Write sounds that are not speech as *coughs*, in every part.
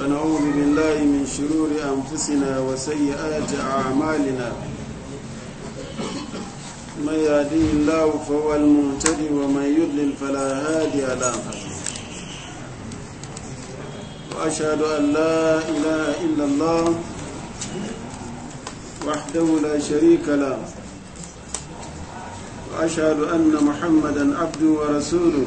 ونعوذ بالله من شرور أنفسنا وسيئات أعمالنا من يهديه الله فهو المهتدي ومن يضلل فلا هادي له وأشهد أن لا إله إلا الله وحده لا شريك له وأشهد أن محمدا عبده ورسوله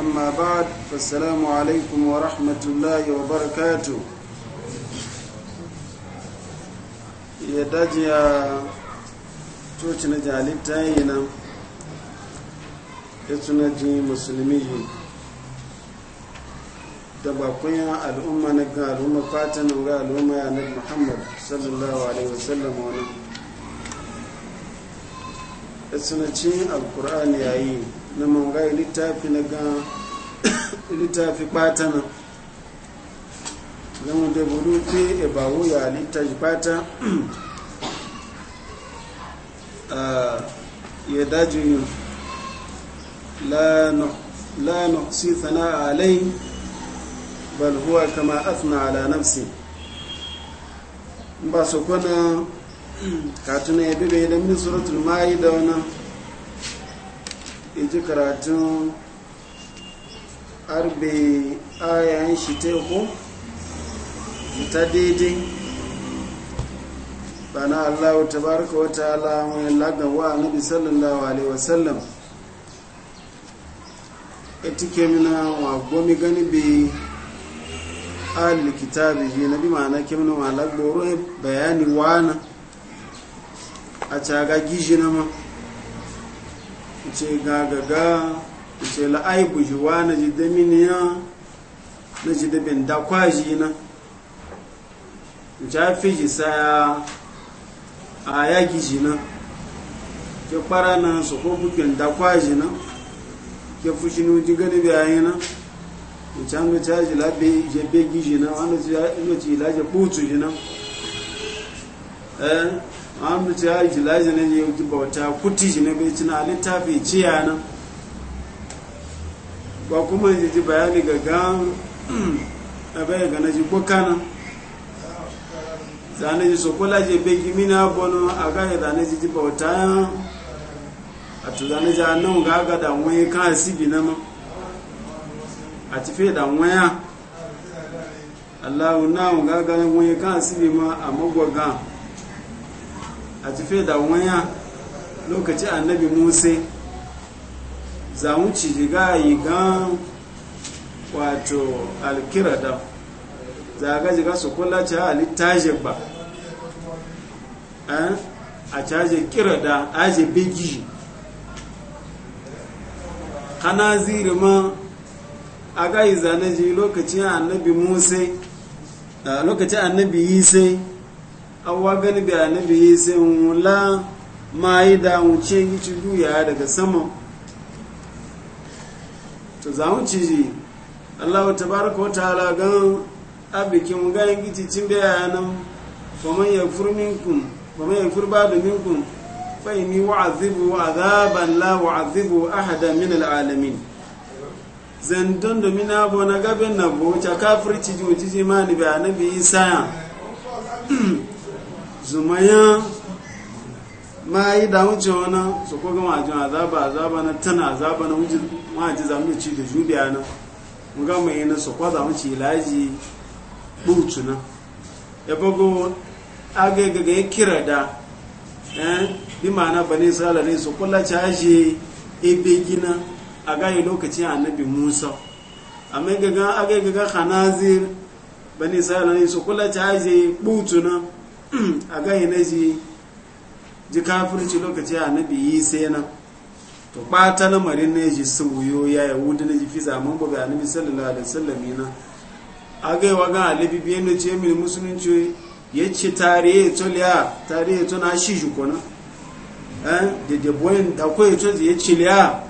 أما بعد فالسلام عليكم ورحمة الله وبركاته ya dajiya coci na jalibta yi nan ya suna musulmi yi da bakuyan al'umma na ga al'umma fatanin ga al'umma ya nabi muhammad sallallahu alaihi wasallam wani ya suna yayi na manga littafi na ga littafi patana na mu da burufi ebawo ba wuya littafi pata *clears throat* ah, ya daji lana si sana alai bal kama asina ala nafsi ba su kwana katuna ya bibe da mini suratul da wani iji karatun arbe ayayen shi teku ta daidai bana allahu tabaraka wa ta'ala mai lagawa bisallin dawa alaihi wasallam etike mina wa gomi gani bi ahli kitabi ji na bi ma'ana ke mina wa lagboro e bayani wana a caga gishi na ma ce gagaga ce la'aibu jiwa na ji daminiya na ji da bin dakwaji na ja fi ji saya a yaki ji na ke fara na su ko bukin dakwaji na ke fushi ni ji gani bayayi na ca no ca ji labe je begi ji na wani ci ilaje kutu ji na eh an da ya ji laji ne ya yi bauta kuti shi ne bai na littafi ci yana ba kuma ji ji bayani ga gan *clears throat* abai ga na ji kokana nan zane ji so kola je bai gimi na bono a ga ya zane ji ji bauta yan a tu zane ji annan ga ga da wani kan asibi na ma a ti fe da wani allahu na ga ga wani kan asibi ma a magwagan a ti fe da wanya lokaci annabi musa za mu ci riga yi gan wato alkirada za ga jiga su kula ci littaje ba eh, a caje kirada aje bigi kana ziri ma a ga yi zane ji lokacin annabi musa eh, lokacin annabi yi sai awa gani bi annabi ya sai wula ma yi da wuce gici duya daga sama to za mu ci allahu tabaraka wa ta'ala gan abikin gani gici cin biya nan faman ya minkun faman ya furba da ni wa azibu wa azaban la wa'azibu ahada min al'alamin zandon da mina bo na gaben na bo ta kafirci ji wuce ji ma ni bi annabi *clears throat* zumaya ma yi da wuce wani su koga majin azaba azaba na tana azaba na wujin maji zamuci da jubiya na muga mai na su kwaza wuce ilaji butu na ya bago agagaga ya kira da eh, bi ma'ana bane sala su kula caje ebe gina a gaye lokacin annabi musa amma gaga agagaga hanazir bane sala su kula caje butu na *clears throat* a ganye na ji ji kafirci lokaci a nabi yi sai nan to ɓata lamarin na ji sauyo ya yi wuda na ji fi zaman buga a nabi sallallahu alaihi sallami na a gaiwa ga alibi biyan da ce mini musulunci ya ce tare ya to liya tare ya na shi shi kona eh, da da boyin da kawai to ya ce liya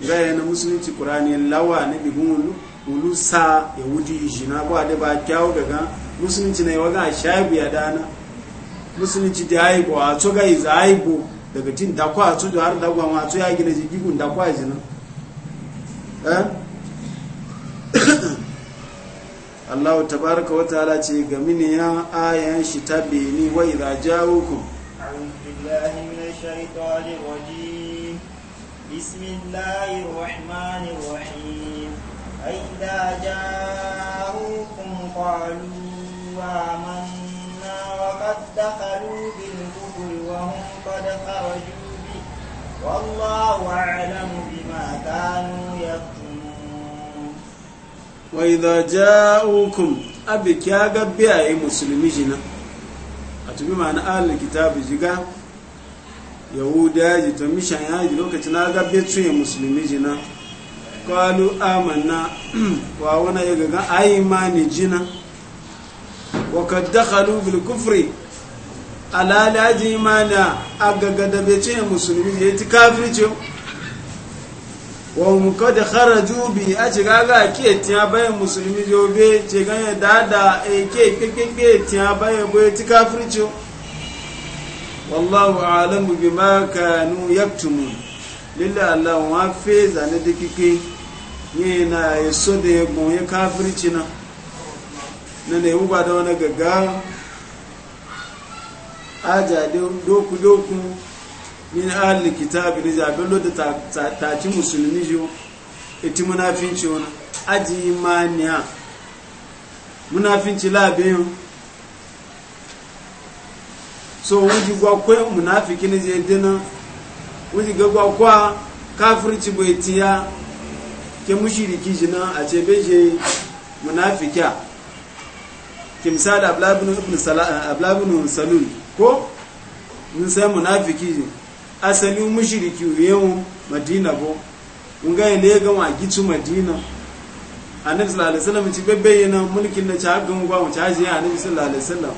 ga yana musulunci kurani lawa na bigun ulusa ya wuce shi na ba da ba kyawu daga musulunci na yi waga shayi biya dana musulunci da yayi ko a tsoga yi za yi daga tin da a tsu har da ma tsu ya gina jiki gun da kwa eh? *coughs* allahu tabaraka wa ta'ala ce ga mini ya ayan shi ta beni wa idza ja'ukum a'udhu billahi minash shaitanir rajim أئذا جاءوكم قالوا آمنا وقد دخلوا بالكفر وهم قد خرجوا به والله أعلم بما كانوا يكتمون وإذا جاءوكم أبك يا قبيا أي جنا أتبي معنا أهل الكتاب جيغا yahuda ji to mishan yaji lokacin na ga betu ya musulmi jina kwalu amanna wa na. ya gaga ayi ma ni jina wa kad dakhalu bil kufri ala laji mana agaga da bece musulmi da yati kafirci wa hum kad kharaju bi ajiga ga ke tiya bayan musulmi jo be ce ganye dada e ke ke ke ke tiya bayan bo yati kafirci wallahu a'lamu bima kanu yaktumun lilla allah wa fi zanadikike yana yaso da ya gonye kafirci na na nemi ba da wani gaggawa aja doku doku min ahli kitabi ne zaɓen lodda taci musulmi jo iti e munafinci wani aji imaniya munafinci labiyan so wuji gwakwa munafiki ne je dina wuji ga gwakwa kafirci bai e tiya ke mushiriki jina a ce beje munafikiya kimsali ablabinu eh, salun ko mun sai munafiki ne asalin mushiriki yau madina ko mun ga ne ga wa madina a sallallahu alaihi wasallam ci bebe yana mulkin da ta ga mu ba mu ta nan annabi sallallahu alaihi wasallam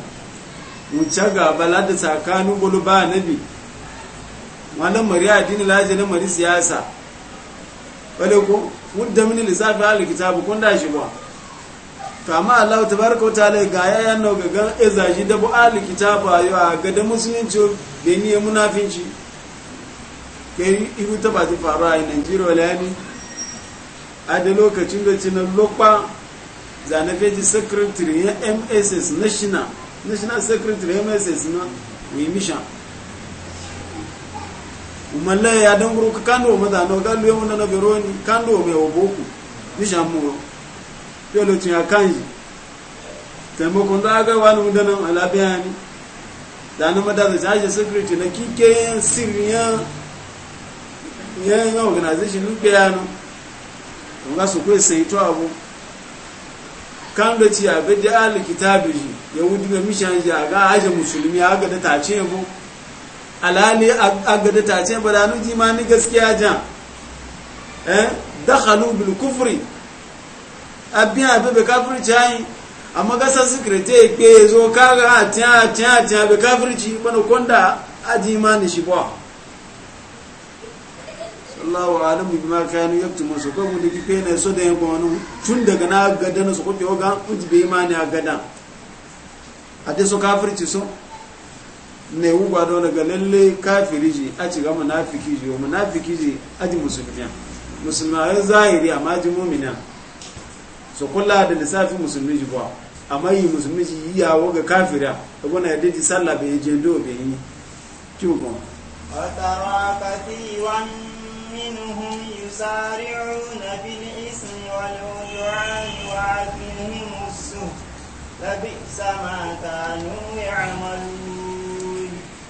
mu ta ga balada tsakanin bulu ba nabi malam mariya dini laji na mari siyasa wale ko mun min lissafi al kitabu kun da shi ba to amma Allah tabaraka wataala ga yayan no ga gan izaji da bu al kitaba yo a ga da musulunci da ni munafinci kai ihu ta ba ta faru a Najeriya wala ni a da lokacin da cinan lokwa zane feji secretary ya MSS national national secretary MSS na we mission umalle ya dan guru kando ma zano galu yemu na garoni kando me oboku mission mu yolo tun kanji taimakon za a ga wani wudanan alabiya ne da na madaza ta ajiye security na kike yin sirri yan organization nuke yano don ga su kwe sai to abu kan da ci abu da ya likita biji ya yahudi ga mishan ji a ga aje musulmi a ga da ta ce bu alali a ga da ta ce ba da nuji ma ni gaskiya jan eh dakhalu bil kufri abin abin bai kafirci hain amma gasa sikirete ya ke zo kaga a tiya a tiya a tiya bai kafirci kwanu kwanda aji imani shi ba sallawa alamu bi ma kayanu yabtu masu kwa mu da kife na so da yankwa wani tun daga na gada na su kwafi oga uji bai imani a gada a te so kafirci so ne wuba da wani ga lalle kafiri a ci ga munafiki ji wa munafiki ji aji musulmiya musulmiya zahiri amma ji mumina so kula da lissafin musulmi ji ba amma yi musulmi ji yi yawo ga kafira da gwana ya daji sallah bai je do bai yi kiwo kuma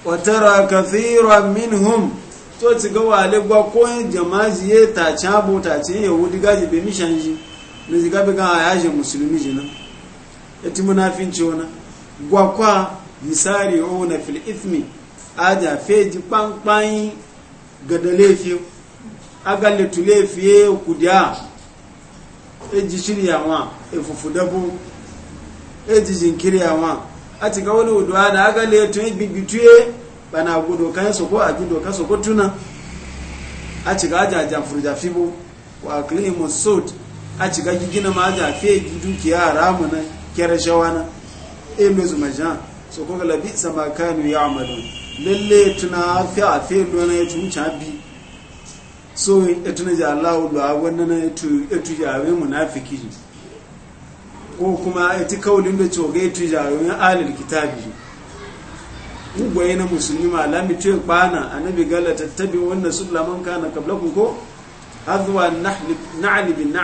وترى كثيرا to ci ga wale gwa ko jama'a ta cabo ta ce yahudi gaji bai mishan shi na ziga bi ga ya je musulmi jina yati munafinci wana gwa kwa misari ona fil ithmi aja feji pankpan ga da lefi aga le tulefi kudia eji shirya wa efufu dabu eji jinkiri awon a ti ga wani wuduwa da aga le tun gbigituye bana gudu kan su ko a gudu kan so ko tuna a ci ga ajajen furjafi bu wa klimu sud a ciga gigina ma ja fe dukiya haramu na kyar shawana e eh, mai zuma jan so ko galabi sama kanu ya amadu lalle tuna fi a fi lona ya tunca bi so ya tuna ji Allah lo a wannan na ya tu ya we munafiki ko kuma ya ti kaulin da coga ya tu ya wani alil kitabi ugwaye na musulmi lami tuyin kwana annabi gala tattabi wannan sulaman kana kablakun ko azwa na'li bin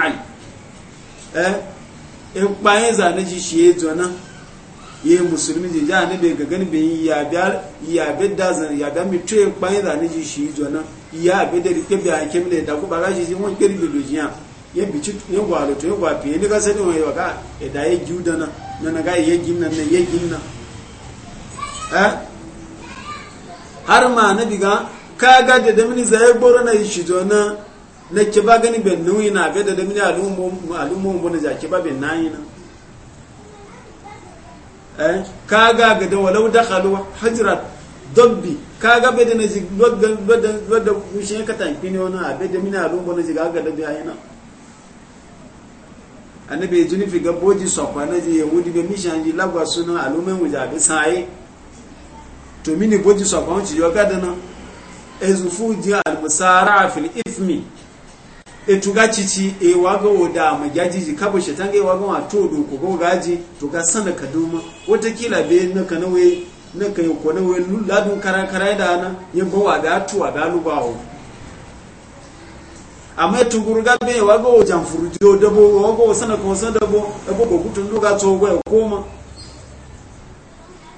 eh ikpayin zane ji shi ya jona ye musulmi ji jani bai ga gani bai ya bi da zan ya bi mitu ikpayin zane ji shi ya jona ya bi da rike bi a kemle da kuma ga shi wani kiri bilojiya ya bici ya gwalo to ya gwafi ya ka sani wani waka da ya giyu da nan na na ga ya gin nan na ya gin nan eh? har ma na diga ka ga da damini zai gboro na shi jona na ke ba gani ben nuyi na ga da dami alumu bu na jaki ba ben nayi na eh kaga ga da walau dakhalu hajrat dabbi kaga be da na ji wadda wadda kushe ka tanki ne wani abe da mini alumu bu na ji ga ga da yana. na annabi juni fi ga boji sokwa na ji yahudi be mishan ji lagwa suna alumu bu ja be sai to mini boji sokwa ci ji ga da na ezufu ji al musara fil ithmi etuga cici e ga oda ji kabo wa ga waga wa to do ko gaji to ga sana kaduma wata kila be na kanawe na kai ko na we ladu kara kara da na ye ba wa ga tuwa wa ga lu ba o amma tuguru ga be waga o jan furujo da bo waga o sana ko sana da bo e bo ko tun do ga to go ko ma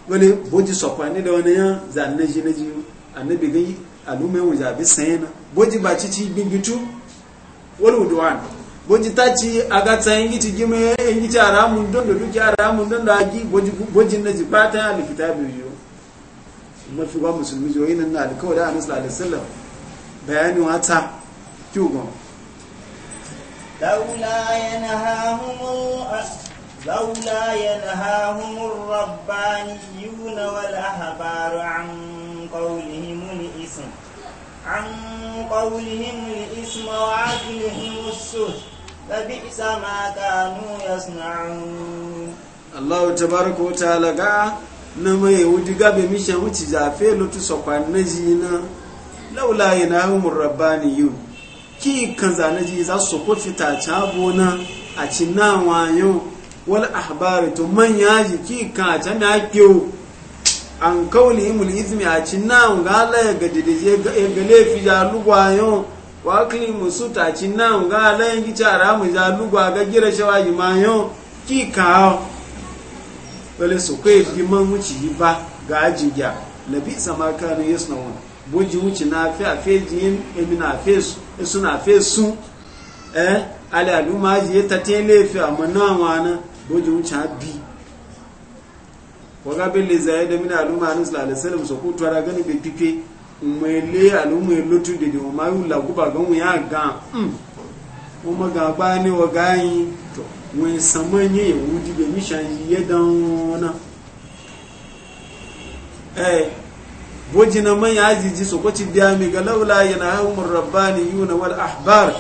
wani boji sokwani da wani ya zanne ji na ji annabi ga alume wuja bi sayena boji ba cici bingitu wal udwan ta ci aga yin gici gime yin gici aramun don da duki aramun don da agi boji na ji batan alkitabi yo mafi ba musulmi jo nan na alkawari da anisla sallallahu bayanin wata kyugon ينهاهم الربانيون والأحبار عن قولهم عن قولهم لإسم وعدلهم السهد فبئس ما كانوا يصنعون الله تبارك وتعالى nama ya wuji gabe misha wuci zafe lutu sokwa na zina laula yana hau rabba ni yu ki kan zane za su ko fita ta bona a cinawa wayo wal ahbaru to man yaji ki kan ta na kiyo an kawlihim al izmi a cinna ga la ga dede ga lefi ja lugwayo wa aklimu suta cinna ga la yi cara mu ja lugwa ga gira shawa yimayo ki ka wale su kai bi man wuci yi ba ga ajiya labi sama kanu yasna wa boji wuci na fi a fe jin e na fe e su na fe su eh ala ma ji ta tele fe amana wana boji wuci a bi waga bele zaye da mina aluma anu sallallahu alaihi wasallam so ku twara gani be pipe umele aluma lotu de de o ma yula ku ya gan mm o ba ni waga yi to we samanye ye wudi be eh, mi shan ye dan na eh bojina man ya ajiji so ko ci biya mi ga laula yanahumur rabbaniyuna wal ahbar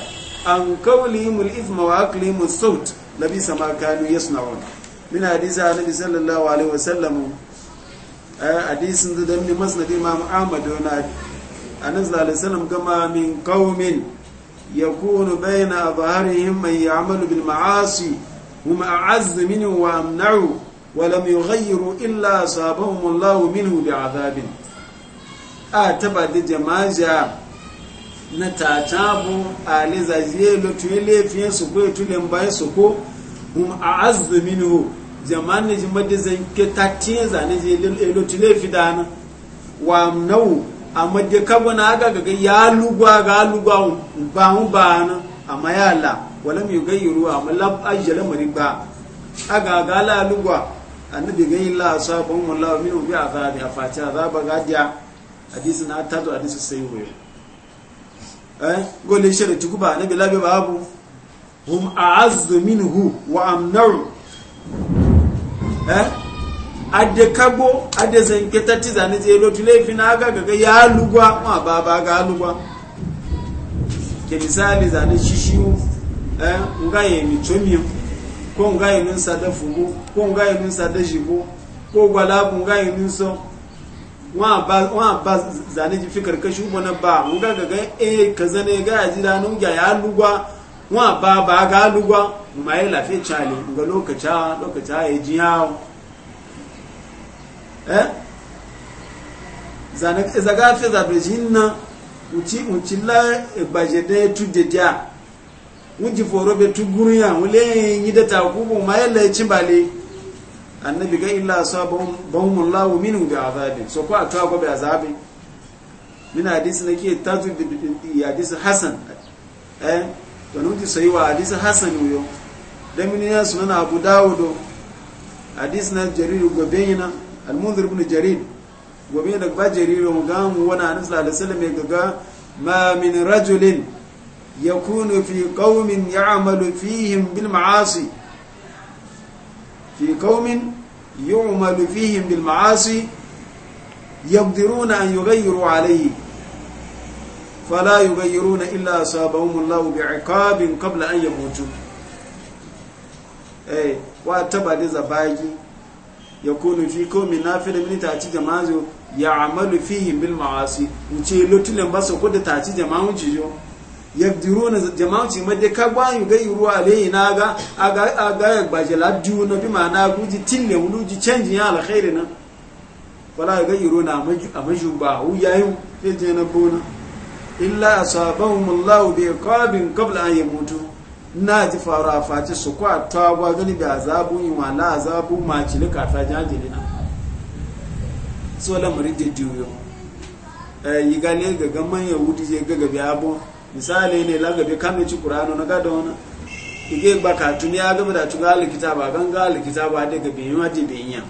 an qawlihim al ithma wa aqlihim as-sawt labisa ma na wani. min hadisi annabi sallallahu alaihi wasallam eh, hadisin da dan masnad imam ahmad na annabi sallallahu alaihi wasallam kama min qaumin yakunu baina adharihim man ya'malu bil ma'asi hum a'azz minhu wa amna'u wa lam yughayyiru illa asabahum Allahu da azabin a taba da jama'a na tacabu alizajiye lo tuile fiye su ko tulen bayan su ko hum a'azz minhu jama'an ne jima da zan ke ta tiye zane je eloti le fi dana wa nau a da kabo na aga gaga ya lugwa ga lugwa um- ba mu ba na amma ya la wala mu gayyaru amma lab ajjala mari ba aga ga la lugwa annabi gayi la sabon wallahi min bi azabi ba azaba a hadisi na tazo hadisi sai wayo eh gole shi da tukuba annabi labe babu hum a'azzu minhu wa amnaru Eh? ade kagbo ade zanketa ti zane je lotu fi na aga gaga ya lugwa ma eh? ba ba ga lugwa ke misali zane shishiyu eh nga ye mitomi ko nga ye nsa da fugo ko nga ye nsa da jibo ko gwala ko nga ye nso wa ba wa ba zane ji fikar kashi ubona ba nga gaga eh kazane ga ajira nun ga ya alugwa wọn ba ba ga lugwa ma yi lafi cali e eh? ga lokaci lokaci ya ji yawo eh zaga fi la e tu foro be tu yi da takubu ma bale annabi ga illa sa bawumun lawu bi so ko ko bi min ke bi hasan eh to nuti sai wa hadisi hasan yo da min ya sunan abu dawud hadis na jarir gobeina al-munzir ibn jarir gobe da ba jarir mu ga mu wana anas sallallahu alaihi ga ma min rajulin yakunu fi qaumin ya'malu fihim bil ma'asi fi qaumin yu'malu fihim bil ma'asi يقدرون an yughayyiru alayhi fala yughayyiruna illa asabahumullahu bi'iqabin qabla an yamutu eh wa tabadi zabagi yakunu fi qawmi nafila min ta'ti jama'u ya'malu fihim bil ma'asi uce lotulen baso ko da ta'ti jama'u jijo yabdiruna jama'u ci madde ka gwa yughayyiru alayhi naga aga aga gbajela diuna bi ma na guji tinne wuluji canjin ya alkhairina wala yughayyiruna amaju amaju ba u yayin sai na bona illa asabahum Allah bi qabin qabl an yamutu na ji fara faci su kwa tagwa gani da azabu yi wa na azabu ma cili ta jajiri na so lamarin da juyo eh, yi gane ga gaman yahudi je ga gabi abu misali ne la lagabe kame ci kurano na gada wani ige gba tuni ya gaba da tun gali ba gan gali ba da gabi yi mati da yiyan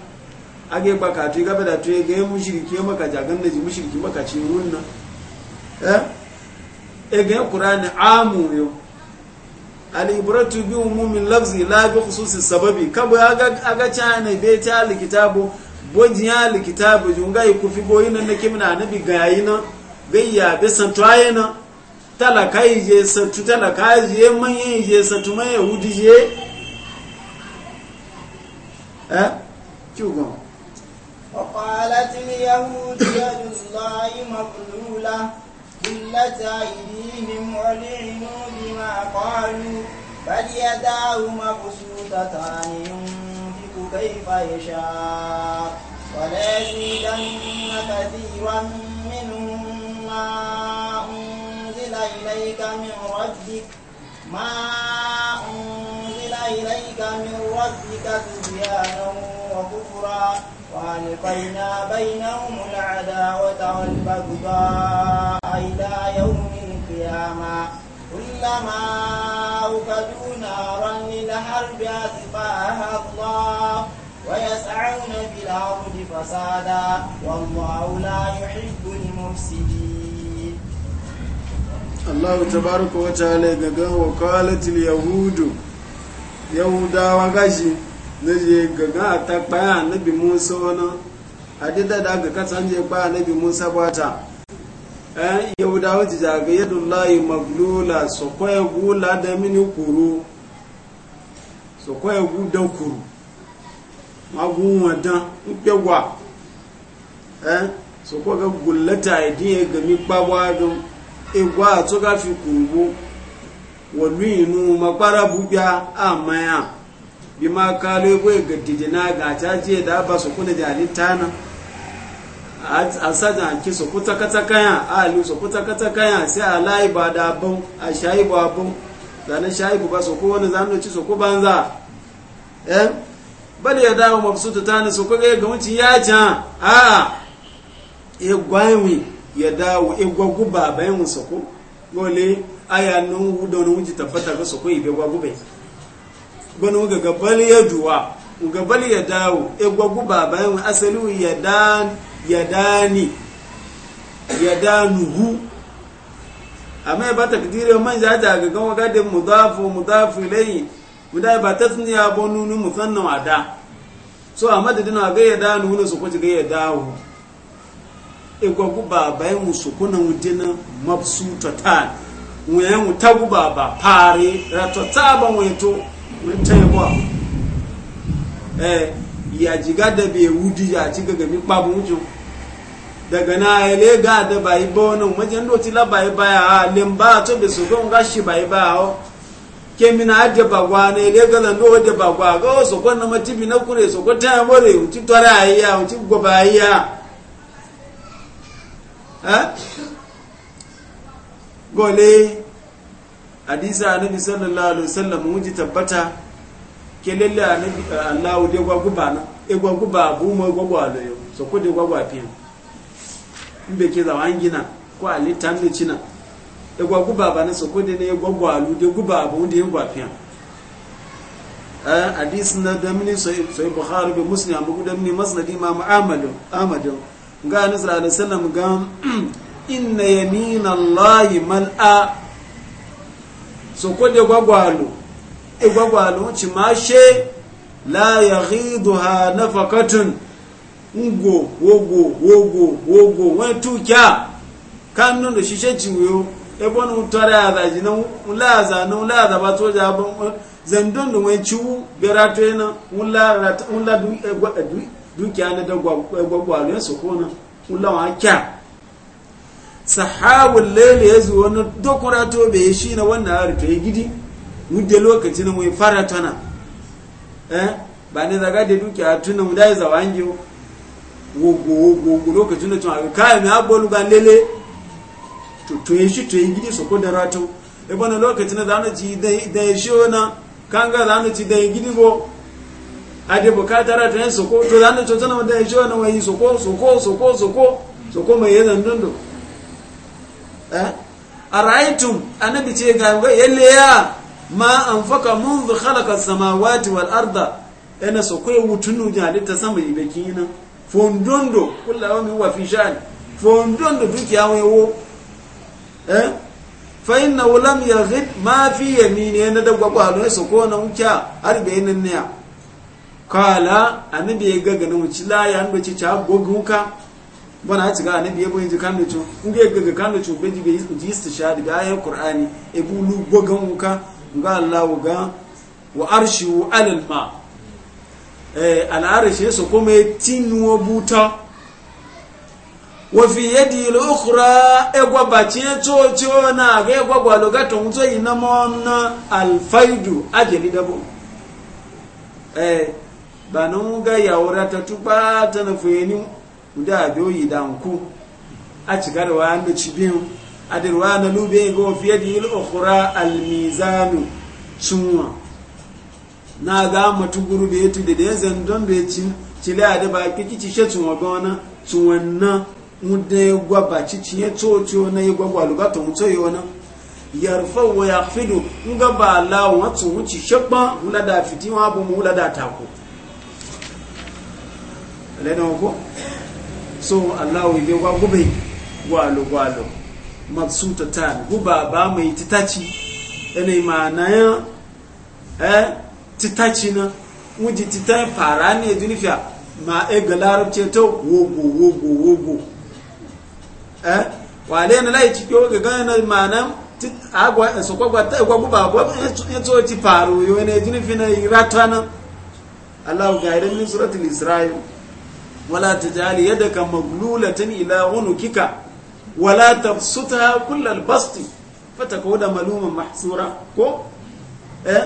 age gba ka tuni gaba da tuni ga yi mushiriki maka jagan da ji mushiriki maka ci runna eh ege qur'ani amu yo alibratu bi umumin lafzi la bi khususi sababi kabo aga aga chana be ta likitabu bonji ya likitabu junga ikufi boyina na na bi kimna anabi gayina gayya be na talaka je santu talaka je manye je santu manye hudi je eh kyugo وقالت اليهود يد الله مغلوله قلة أيديهم ولعنوا بما قالوا بل يداه مبسوطتان ينفق كيف يشاء وليزيدن كثيرا منهم ما أنزل إليك من ربك ما أنزل إليك من ربك تبيانا وكفرا وألقينا بينهم العداوة والبغضاء إلى يوم القيامة كلما أوقدوا نارا للحرب أطفاها الله ويسعون في الأرض فسادا والله لا يحب المفسدين gan تبارك وتعالى قال وقالت اليهود يهودا وغشي naje gaga ta kpaya nabi musa wani adida da ga kasance kpaya nabi musa bata Eh, yahudawa ji zaga yadullahi maglula su kwaye gula da mini kuru su kwaye gudan kuru magun wadan nkpegwa eh, su kwaga gullata idiye gami kpagwa don igwa e a tsoga fi kuru wọ̀lú ìnú makwara búgbá àmáyà bí máa ká lóògbé gẹ̀dìdì náà gàtà jí da bá sọkúnnà jà ní tánà a sajan ki so kuta kata kayan a alu so kuta kata kayan sai a layi ba da abun a shayi ba abun zane shayi ba so ko wani zane ci so ko banza eh bal ya dawo mafi mabsutu tani so ko ga ga wuci ya ja a a ya gwawi ya dawo ya gwagu ba bayan so ko gole aya nun wudo nun wuji tabbata ga so ko ibe gwagu bai gwanin wuga gabali ya duwa gabali ya dawo ya gwagu ba bayan asali ya dawo yadani yadanuhu amma ba takdirin man ja ja ga gawa gadin mudafu mudafu ilayhi guda ba ta sun ya bo nunu musannan ada so a madadin a ga yadanu ne su kuci ga yadahu igwa guba bayan musu kuna wudina mabsu total wuyan wuta guba ba fare ratota ban wato mun taiwa eh ya jiga da bai wuji ya ci gaga mi babu wujo daga na ele ga da bai bono majan do ti la bai baya ha lemba to be so gon gashi bai ba ho ke mi na de bagwa ne ele ga da do de bagwa ga so kon na mati bi na kure so ko ta more u ti tora ya u ti go ba ya ha gole hadisa annabi sallallahu alaihi wasallam wuji tabbata kelele anabi eh, allahu de gwaguba na egwaguba bu mo e gwagwa lo yo so ko de gwagwa pin mbe ke za wangina ko ali tambe china egwaguba ba na so ko de ne gwagwa lu de guba bu de gwa pin a eh, hadis na da mini so so bukhari be muslim abu da mini masnad imam ahmad ahmad ga anas alaihi salam ga inna yamin allahi mal'a so ko de gwagwa lu igwagwa lunci ma she la ya ha fakatun ngo wogo wogo wogo wọn tukya kan nun da shishe ciwo ebo nun tare a zaji na ulaza na ulaza ba to ja ba zandon da wani ciwo berato yana ula eh, eh, dukiya na da eh, gwagwa lunci su kona ula wa kya sahabun lele ya zuwa na dokura to bai shi na wannan harfe gidi mudde lokaci na mu fara tana eh ba ne zaga da a tunan mu dai zawangiyo wogo wo wogo lokacin da tun kai na abolu ga lele to to yi shi to yi gidi so ko da rato e bana lokacin da zanu ji da yi shi ona kanga zanu ji da yi go a ade bukata rato ne so ko to zanu to tunan da yi shi wai so ko so ko so ko so ko so ko mai yana dundu eh araitum anabi ce ga yalle ya ma an faka mun zu halaka samawati wal arda ina so kai wutunu ya halitta sama ibe kinan fondondo kullawa mi wa fi shani fondondo dukiya wai wo eh fa inna lam yaghib ma fi yamini na dagwa kwalo so ko na kya har be nan ne kala annabi ya ga ganin wuci la ya ndo ci ta gogunka bana ci ga annabi ya boyin ji kan nucu inda ya ga kan nucu be ji be istishadi da ayan qur'ani e bulu gogunka ga Allah ga wa arshiwu alal ma eh arshi so kuma tinwo buta wa fi yadi al ukhra egwa bachi to na ga egwa gwalo ga to nzo ina mon al faidu ajeli dabo eh banu ga yawra ta tuba ta na fuyeni da biyo yi danku a cigarwa da cibiyu adirwa na lube go fiye da yin okura almizanu cinwa na ga matu guru be yato da ya zandon da ya ci cile a ba kiki ci she cinwa gona cinwan na muda ya gwaba ci ci ya tsotiyo na ya gwagwa lugata mutu yi wani yarfa wa ya fido in ga ba la wata wuci shabba wula da fiti wa abu mu wula da tako lẹ́nu ọkọ̀ so aláwọ̀ ìgbẹ́gbà gómìnà wà lọ́gbà lọ́gbà mabsuta ta guba ba mai titaci yana ma'ana ya eh titaci na wuji tita fara ne dunifiya ma e ga larabce ta wogo wogo wogo eh wale na lai ci kyo ga gana ma'ana agwa eh, so kwagwa ta gwa guba gwa ya to ci faru yo ne dunifina iratana Allah ga idan min suratul isra'il wala tajali yadaka maglulatan ila unukika wala tabsutha kullal basti fatakuda maluman mahsura ko eh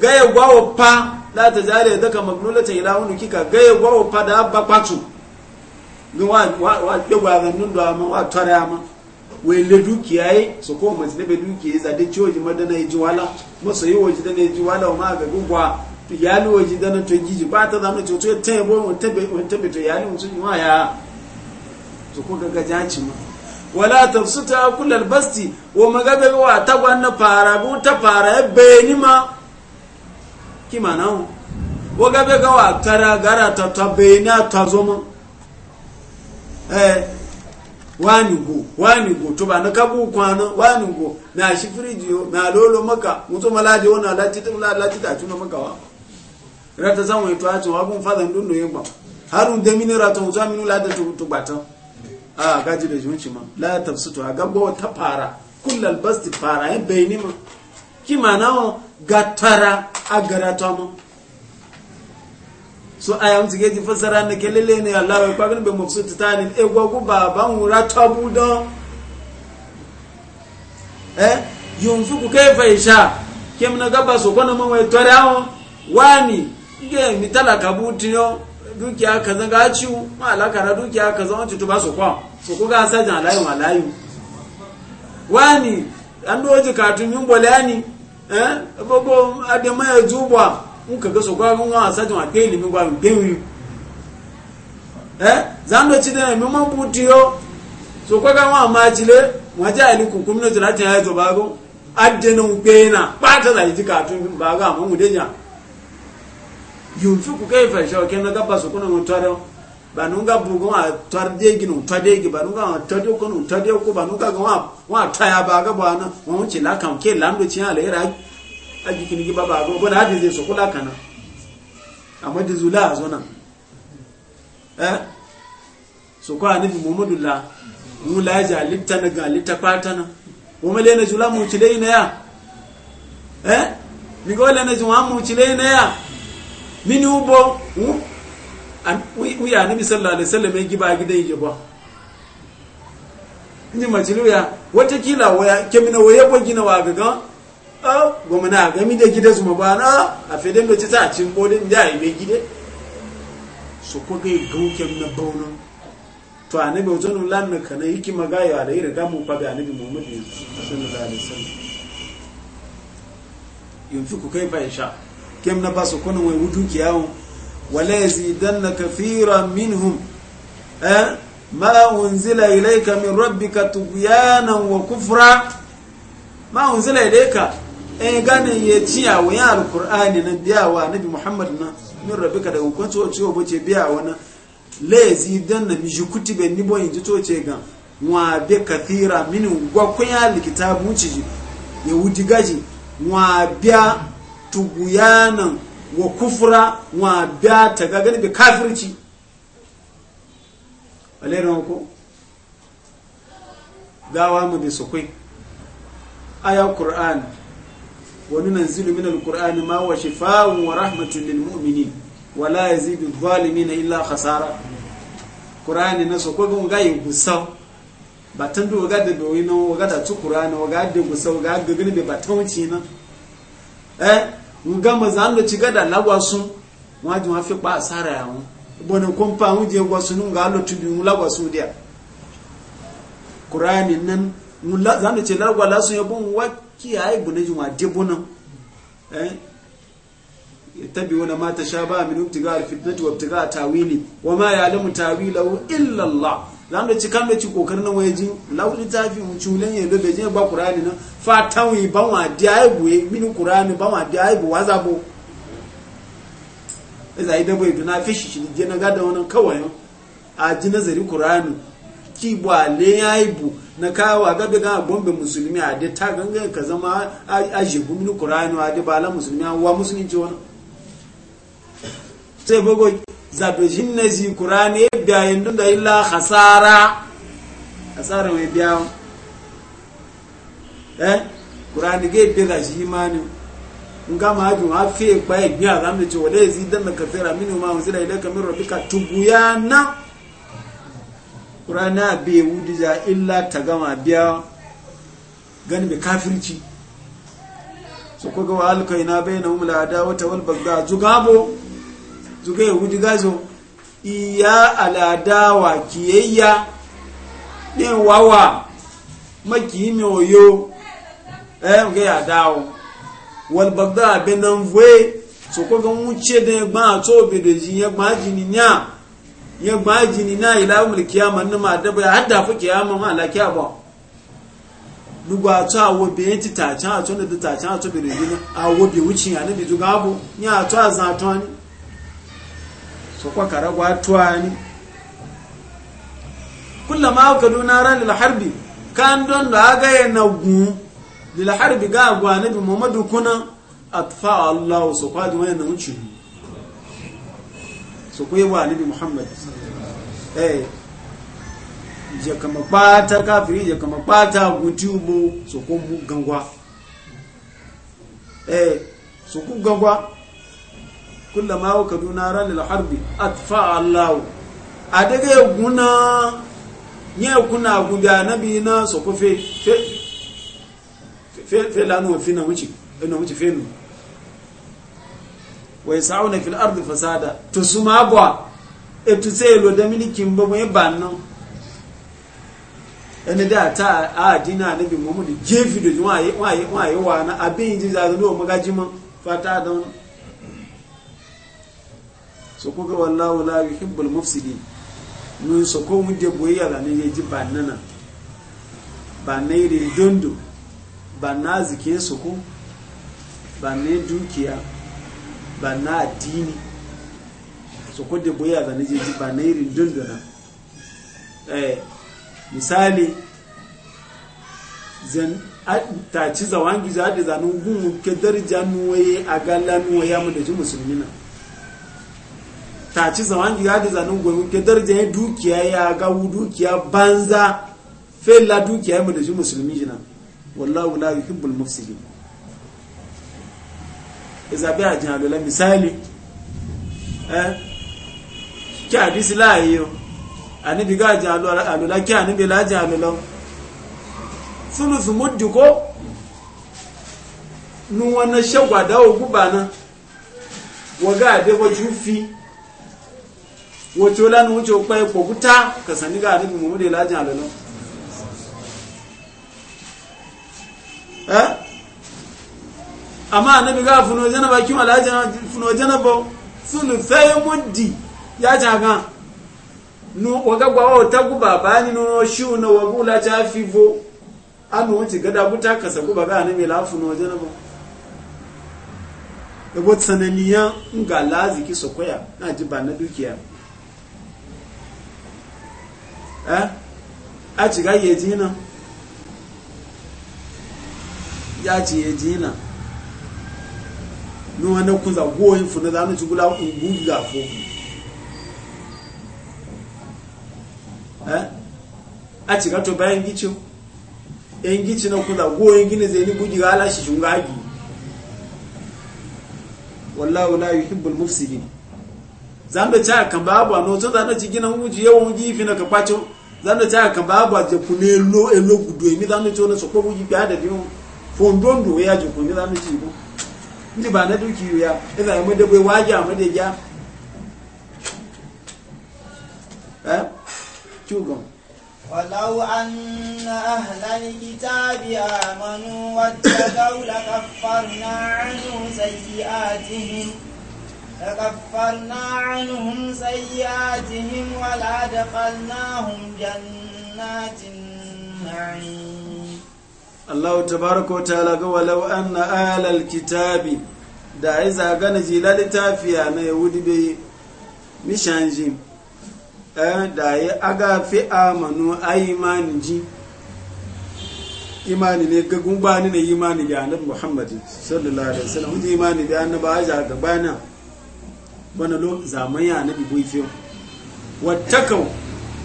gaya gwawo pa la ta zare daga magnulata ila wani kika gaya gwawo pa da abba kwatu ni wa wa dogwa ga nun da ma wa tare ma we le dukiya yi so ko mu zinabe dukiya za da ciwo ji madana yi jiwala musu yi waji da ne jiwala ma ga gugwa to yali waji da na to jiji ba ta zamu to to tayi bo mu tabe mu tabe to yali mu sun yi wa ya so ko ga gajaci mu wala tabsuta kullal basti wa magabe wa tagwan na fara bu ta fara ya bayani ma ki mana hu wa gabe ga wa kara gara ta ta bayana ta zoma eh wani go wani go to ba na kabu kwana wani go na shi firiji yo na lolo maka mutu malaje wona lati ta lati ta tuna maka wa rata zan wai to a tun wa gun fadan dunno yin ba harun da minira to zaminu la da to gbata. a gaji da junci ma la tafsutu a gabo ta fara kullal basti fara ya bayni ma ki manawa gatara a garata ma so aya ke ji fasara na kelele ne Allah ya kwagin be mafsutu ta ne egwa e, ku baba wura ta don eh yunfu ku kai faisha kem na gaba so kona mun wai tore awo wani ge mitala kabutiyo dukiya kaza ga ciwo ma alaka na dukiya kaza wancan tuba su kwa su ku sajin alayu malayu wani an doji katun yin bolani eh ka su kwa gun sajin a gwa eh ci da man su waje ya zo bago adena ubena ba ta zai ji katun bago amma yunfi ku kai fashe wa kenan gaba su kuna ba nun bugu a tar degi nun tar degi ba nun ga tar degi nun tar degi ba ga wa wa taya ba ga ba na la ke lando ci ala ira a jikin gi baba go bona hadi zai so kula kana amma da zula a zona eh so ko annabi muhammadu la la ja litta na ga litta patana mu male na zula mu na ya eh mi go le na mu na ya mini ubo wuya nabi sallallahu alaihi wasallam ya giba gida yi ba ni majilu ya wata kila waya kemina waya bo gina wa gaga a ga gami da gida zuma mabana na a fedan da ta cin bodin da yi mai gida su ko ga gauken na bauna to annabi wajen lan na kana yiki magaya da riga mu fa ga annabi Muhammad sallallahu alaihi wasallam yanzu ku kai fa sha. kem na ba su kunan wai wudu kiyawun wala yazidanna kathiran minhum eh ma unzila ilayka min rabbika tughyanan wa kufra ma unzila ilayka eh gane ya ci wa ya alqur'ani na biyawa nabi muhammad na min rabbi rabbika da hukunci o ciwo bace biyawa na zidan na mi kuti be ni boyin ji to ce ga wa be kafira min likita likitabu ya yahudi gaji wa biya tuguyanan wa kufura wa biya ta gagani bi kafirci alairan ko gawa mu bi su kwai aya qur'an wa nunzilu min alqur'an ma wa shifaa wa rahmatun lil mu'minin wa la yazidu adh-dhalimina illa khasara qur'an na so ko gun ga yi gusau batun do ga da do yi no ga da tu wa ga da gusau ga ga gani batun ci na eh nga mazando chigada lagwa sun waji ma fi pa asara ya won bona kompa mu je gwa sun nga lo tubi mu lagwa sun dia qur'ani nan mu la zando ce lagwa la sun yabon wa ki ai bune juma de bona eh yattabi'una ma tashabaha min ibtiga al-fitnati wa ibtiga tawili wa ma ya'lamu tawilahu illa Allah zando ci kambe ci kokarin na waje lauli tafi mu culen ya be jin ba qur'ani na fa tawi ba wa dia ibu e min qur'ani ba wa dia ibu wazabo iza ida boy duna fishi shi je na gada wannan kawai a ji nazari qur'ani ki ba le ibu na kawa ga ga gombe musulmi a de ta ganga ka zama a je bu min qur'ani a de bala musulmi wa musulmi ji wannan sai bogo zaɓe shi na zi kurani ya biya yin da illa hasara hasara mai biya eh kurani ga ibe da shi imanin in ga ma hajji ma fiye kwaye biya za mu ce wale zi dan da fera mini ma wasu da ilaka min tubu ya na kurani wudu wudija illa ta gama biya gani mai kafirci su kuga wa alkaina bai na umula adawata wal bagda zugabo zuga ya wuji gazo iya aladawa kiyayya ne wawa maki mi oyo eh ga ya dawo wal bagda benan vwe so ko gan wuce da gba to be da ji ya gba jini nya ya gba jini na ila umul kiyama nan ma da ba hadda fa kiyama ma la kiyama lugba to awo be ti ta cha to ne ta cha to be da ji awo be wuci ya ne bi zuga abu nya to azan to ni sokwa kara gwa kullama ran lil kan don da ga gwa nabi muhammadu kuna atfa allah sokwa di wa nabi muhammad eh je kama pata kafiri je kama pata sokwa gangwa eh sokwa gangwa ma wa kaduna ranar ran lil harbi atfa Allah adage guna ya kuna gubya nabi na so ko fe fe fe fe fi na wuce ina wuce fe nu wa yasauna fil ardi fasada to ma gwa e tu se lo da mini mai ban nan ene da ta a dina nabi muhammad jefi do wa wa wa na abin ji za no magajima fata don so ko ga wallahu la yuhibbul mufsidi mun so ko mu je boyayya da ne ji banana ba ne rin dondo ba na zike su ko ba ne dukiya ba na addini so ko da boyayya da ne ji ba ne rin dondo na eh misali zan ta ci zawangi za da zanun gun ke darja nuwaye a galla nuwaye mu da ji musulmina ta ci zaman giga da zanen gwamnati ke darajar dukiya ya gawo dukiya banza fela dukiya ya da shi musulmi jina wallahu la yuhibbul mufsidin izabi a jihar lola misali eh kí àdísí láàyè o àníbi gá àlòlá kí àníbi láàjì àlòlá fúlùfù mójúkó ko nuwa na shagwada ogúbà bana waga adewa fi wato lanu wuce kwaye kwakuta ka sani ga annabi muhammadu ya lajin alalan eh? amma annabi ga funo janaba kin alajin funo janaba sulusai muddi ya jaga nu waga gwawo ta guba bani no shu na wagula ta fivo anu wuce gada buta kasa guba ga annabi la funo janaba da bot sananiya nga laziki sokoya na ji ba na dukiya Eh? a ci ga yi jina ya ci yi jina ni wani kunza goyin funa za mu ci gula ungun gafo eh? a ci ga to bayan gicin yan gici na kunza goyin gini zai ni bugi ga alashi shungagi wallahu la yuhibbul mufsidin zan da ci a kan babu a noto zan da ci gina wuji yawon gifi na ka kwacin zanu cha kan ba ba je elo elo gudu emi zanu cho na so ko wuji gba da bi ya je kun bo ndi ba na duki ya ina mu da bai waje mu da ja eh chugon ولو أن أهل الكتاب آمنوا واتقوا لكفرنا عنه سيئاتهم فكفرنا عنهم سيئاتهم ولأدخلناهم جنات النعيم الله تبارك وتعالى ولو أن أهل الكتاب da ai zaga na jila littafiya na yahudi bai mishanji da ya aga fi amanu a imanin ji imani ne gagun bani na imani da annabi muhammadu sallallahu alaihi wasallam imani da annabi a zaga bana bana lo zamanya na bi boy fiyo wattakaw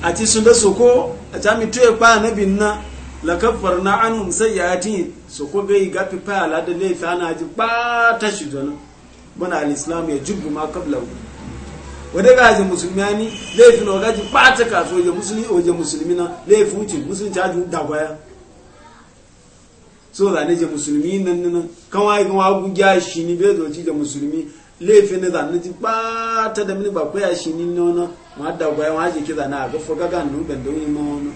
ati sun da soko a jami tuye pa na bi na la musa ya ti soko be ga fi pa ala da ne fa na ji ba ta shi dana bana al-islam ya jubu ma kabla wu wadda ga ji laifi na wa ji ba ta kasu waje musulmi waje musulmi na laifi wuce ta aji dagwaya so da ne je musulmi nan nan kawai ga wagu gya shi ni bai zoci da musulmi laifin da zanen ji ba ta da mini ba kwaya shi ni nono ma da gwaya ma jiki zana a gafa gaga nugan da wuni nono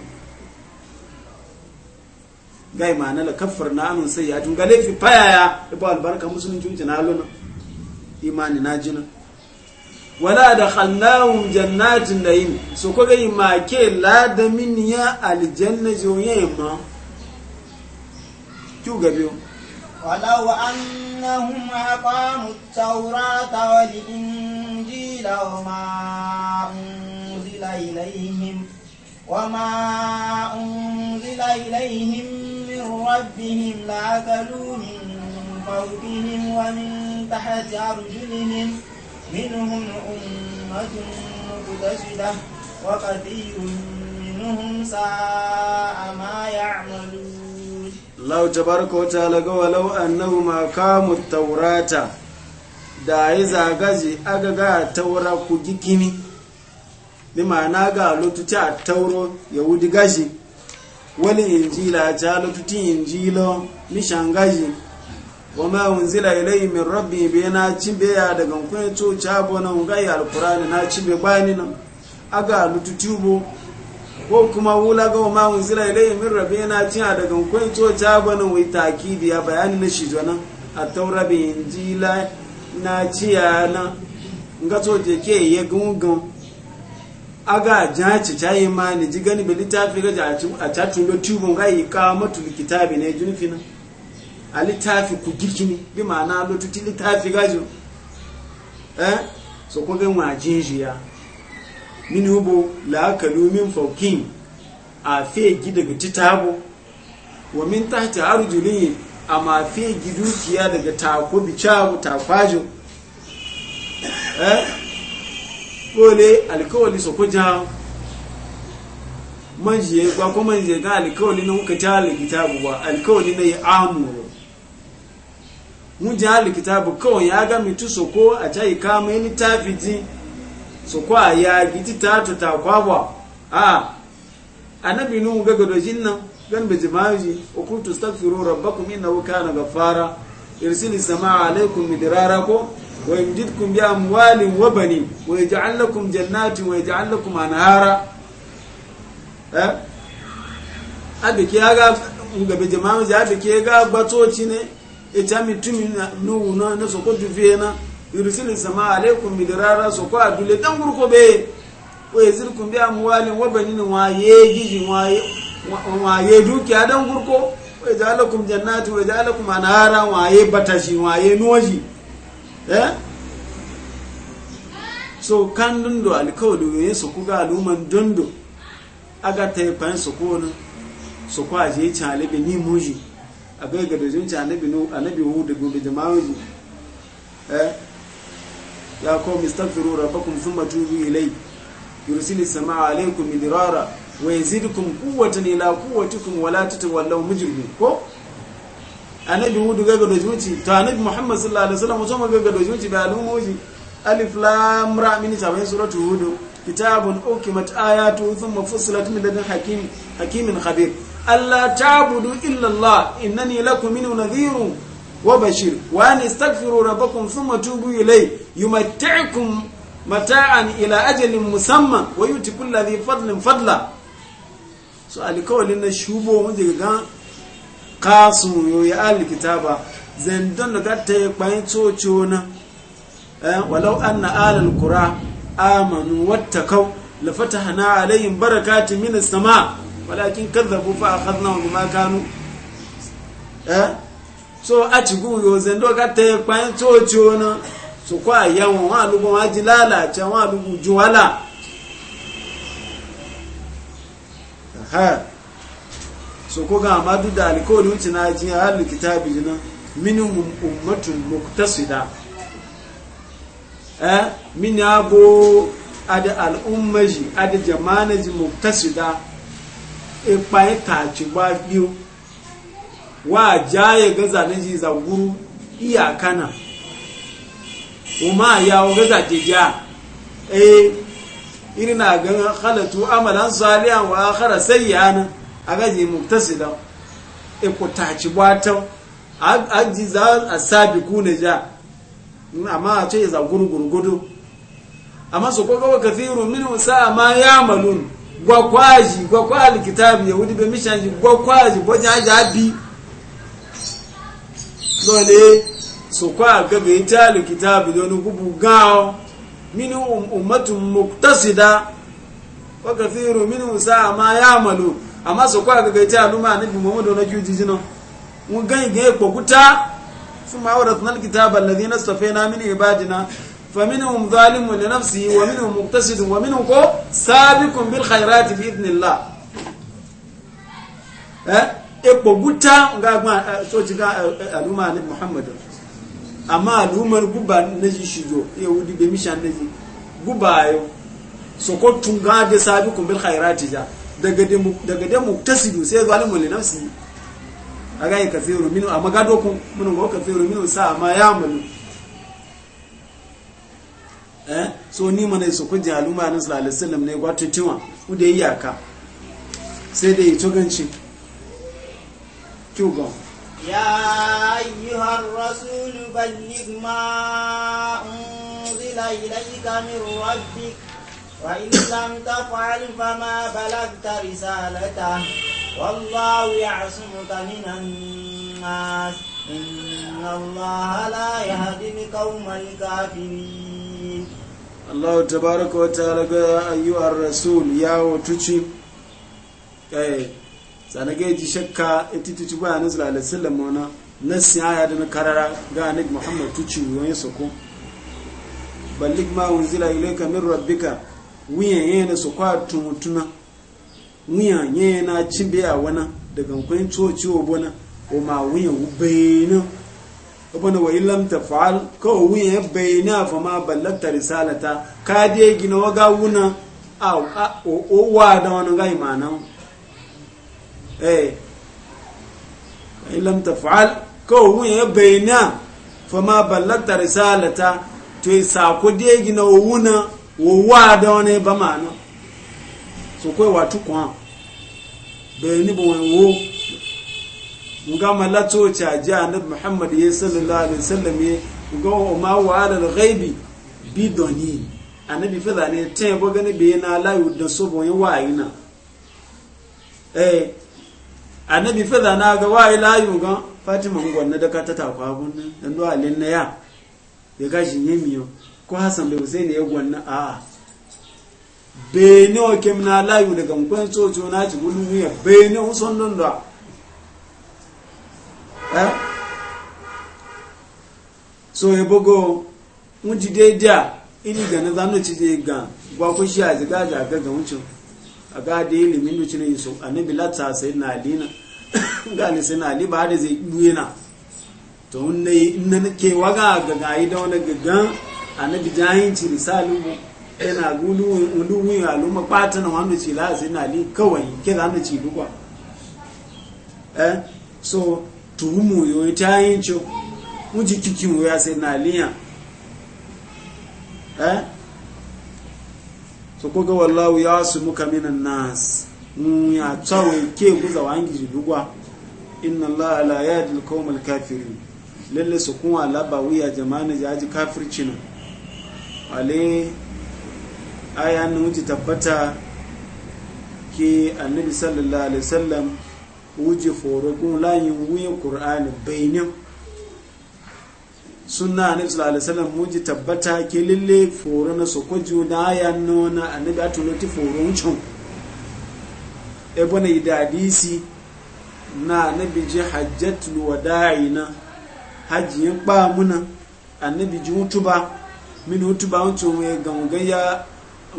gai ma na kafar na amin sai ya tun ga laifin fayaya da albarka musulunci wuce na lona imani na jina wala da khallahum jannatin na'im so ko gai ma ke ladamin ya aljanna joye ma ku gabe ولو أنهم أقاموا التوراة والإنجيل وما أنزل إليهم وما أنزل إليهم من ربهم لأكلوا من فوقهم ومن تحت أرجلهم منهم أمة مقتصدة وكثير منهم ساء ما يعملون Allah tabaraka ta laga walau annahu ma kamu taurata da yi zagaji aga ga taura ku gikini bi ma'ana ga lututu a tauro wudi gaji wani injila ta lututu injilo nishan gaji wa ma unzila ilayhi min rabbi bi na cibe ya daga kwanci to na ngai alqur'ani na cibe bani na aga lututu bu ko kuma wula ga ma unzila ilayhi min rabbina cin a daga kun to ta bana wai takidi ya bayani na shi jona a taura bi injila na ciya na nga to je ke ye gungun aga jaci tayi ma ni ji gani bi litafi ga jaci a tatu lo tubu ga yi ka matu kitabi ne junfina a litafi ku gikini bi ma'ana lo tuti litafi gajo eh so ko ga wa jinjiya mini hubo la'akalu min faukin a fegi daga titabo wa min tahti arjuli a ma fegi dukiya daga tako bicabu takwajo eh kole alkawali so kuja manje ba ko manje ga alkawali na kuka ta alkitabu ba alkawali na ya amuru mun ji alkitabu kawai ya ga mitu so a ta yi kama yi littafi ji so kwa ya giti ta ta ta kwabwa a annabi nu ga gado nan gan bi jima'i kuntu astaghfiru rabbakum innahu kana ghaffara yursil samaa alaykum midrara ko wa yumdidkum bi amwalin wa bani wa yaj'al lakum jannatin wa yaj'al lakum anhara eh abi ke ga ga bi jama'i abi ke ga gbatoci ne ita e mitumi nu na so ko duvena yursilin sama alaikum midrara so ko adule dan gurko be wa yazirkum bi amwalin wa banin wa yeji wa wa ye dukiya dan gurko wa ja'alakum jannati wa ja'alakum anhara wa ye batashi wa ye noji eh so kan dundo alkawdu ye su kuga aluman dondo aga ta pan su ko na su ko aje chale be ni muji aga ga dojin chale be no anabi hu de gobe jama'u eh يا قوم استغفروا ربكم ثم توبوا إليه يرسل السماء عليكم مدرارا ويزيدكم قوة إلى قوتكم ولا تتولوا مجرمين كو anabi hudu gaga dojimuci ta anabi muhammad sallallahu alaihi wasallam mutum gaga dojimuci bai al'ummoji alif lam ra min tabayin suratu hudu kitabun ukimat ayatu thumma fussilat hakimin khabir alla ta'budu illa allah innani lakum minhu nadhirun wa bashir waɗanda ya taɓa faruwar raba kan fi matuɓi yu laifin yu ila ajalin musamman wai yau ta kulla dai faɗa su al'adun da na shuba wa maza karshen ya al'adun kitaba zan yi da ɗan da kaɗan da ba ya coci na alal kura a wata kau da fatakawana alayyin ba raƙa ta yi kan da a kaɗan da ba ya so a ci guyo zan do ka te kwan to kwa ya wa lu bon aji wa lu bu ha so ko amadu da alkoli wuce na ji ahlul kitabi na minhum ummatun muqtasida eh al'ummaji jamanaji e ta ci biyu wa jaye ga zanen shi zanguru iyaka kana kuma yawo ga zaje ja eh irina ga khalatu amalan salihan wa akhara sayyan agaji muktasida e ko taci bwata aji za asabi kuna ja amma a ce zanguru gurgudu amma su ko wa kathirun minhum sa ma ya malun gwakwaji gwakwal kitab yahudi bai mishan gwakwaji abi so ne so kwa gabe ita likitabi don gubu gawo min um, ummatun muktasida wa kathiru min sa'a ma ya'malu amma so kwa gabe ita aluma nabi muhammadu na juji jino mun gan ko kuta thumma awrathna alkitaba ibadina epo guta nga gba eh, soci ga eh, aluma ni muhammad amma aluma guba na ji shigo yahudi be mishan na ji guba yau ko tunga de sabi kun bil khairati ja daga de daga de muktasidu sai zuwa limu nafsi aga yi kasiru minu amma gado ko mun go kasiru minu sa amma ya mun eh so ni mana so ko ji aluma ne sallallahu alaihi wasallam ne gwatutuwa ku da iyaka sai dai to ganci توقع يا أيها الرسول بلغ ما أنزل إليك من ربك وإن لم تفعل فما بلغت رسالته والله يعصمك من الناس إن الله لا يهدي القوم الكافرين الله تبارك وتعالى أيها الرسول يا وتشي إيه. sanage ji shakka itituci baya na sallallahu alaihi wasallam wana nasi aya da na karara ga nabi muhammad tuci yoyin soko ballig ma unzila ilayka min rabbika wiyan na soko kwa tumutuna wiyan yana a wana daga kwan coci obona o ma wiyan ubayna abana wa illam tafal ko wiyan bayna fa ma ballata risalata ka de gina waga wuna a o wa da wani ga imanan eh in lam taf'al ko hu ya bayna fama ballata risalata to sako de gina wuna wo wa da wani ba ma na so ko wa tu kwa bayni bo wo nga malato cha ji annabi muhammad ya sallallahu alaihi wasallam ya ga ma wa alal ghaibi bidoni annabi fa zane tan bo gani annabi fa na ga ila layu ga fatima ngwanna da ka ta takwa abun nan dan do alin na ya ya ga shi miyo ko hasan bai sai ne ya gwanna a be ne o kem na layu daga so jo na ji bulu ya be ne son don da eh so e bogo mun ji dai da ili ga na zanu ci dai ga gwa ko shi a ziga ga ga ga ci a ga da ilimin da cinin yusuf annabi latsa sai na alina *coughs* gani sai na ali ba da zai buye na to yi na ke waga ga gayi da wani gaggan annabi jahinci risalu yana gulu ya aluma kwata na wanda ci la sai na ali kawai ke za mu ci duka eh so tuhumu yo jahinci mu ji kikin wuya sai na aliya eh so koga wallahu ya su muka minan nas mu ya tsawo ke guza wa angi dugwa inna allah ya yahdi al kafirin lalle su kuma laba wiya jama'a ya ji kafirci nan ale aya nan wuce tabbata ke annabi sallallahu alaihi wasallam wuce foro kun layin wuyan qur'ani bainin sunna annabi sallallahu alaihi wasallam mun ji tabbata ke lille foro na so kwaju da aya nona annabi atulo ti foro wucin e bona idadisi na annabi ji hajjatul wada'ina hajjin ba muna annabi ji hutuba min hutuba wancun we gangaya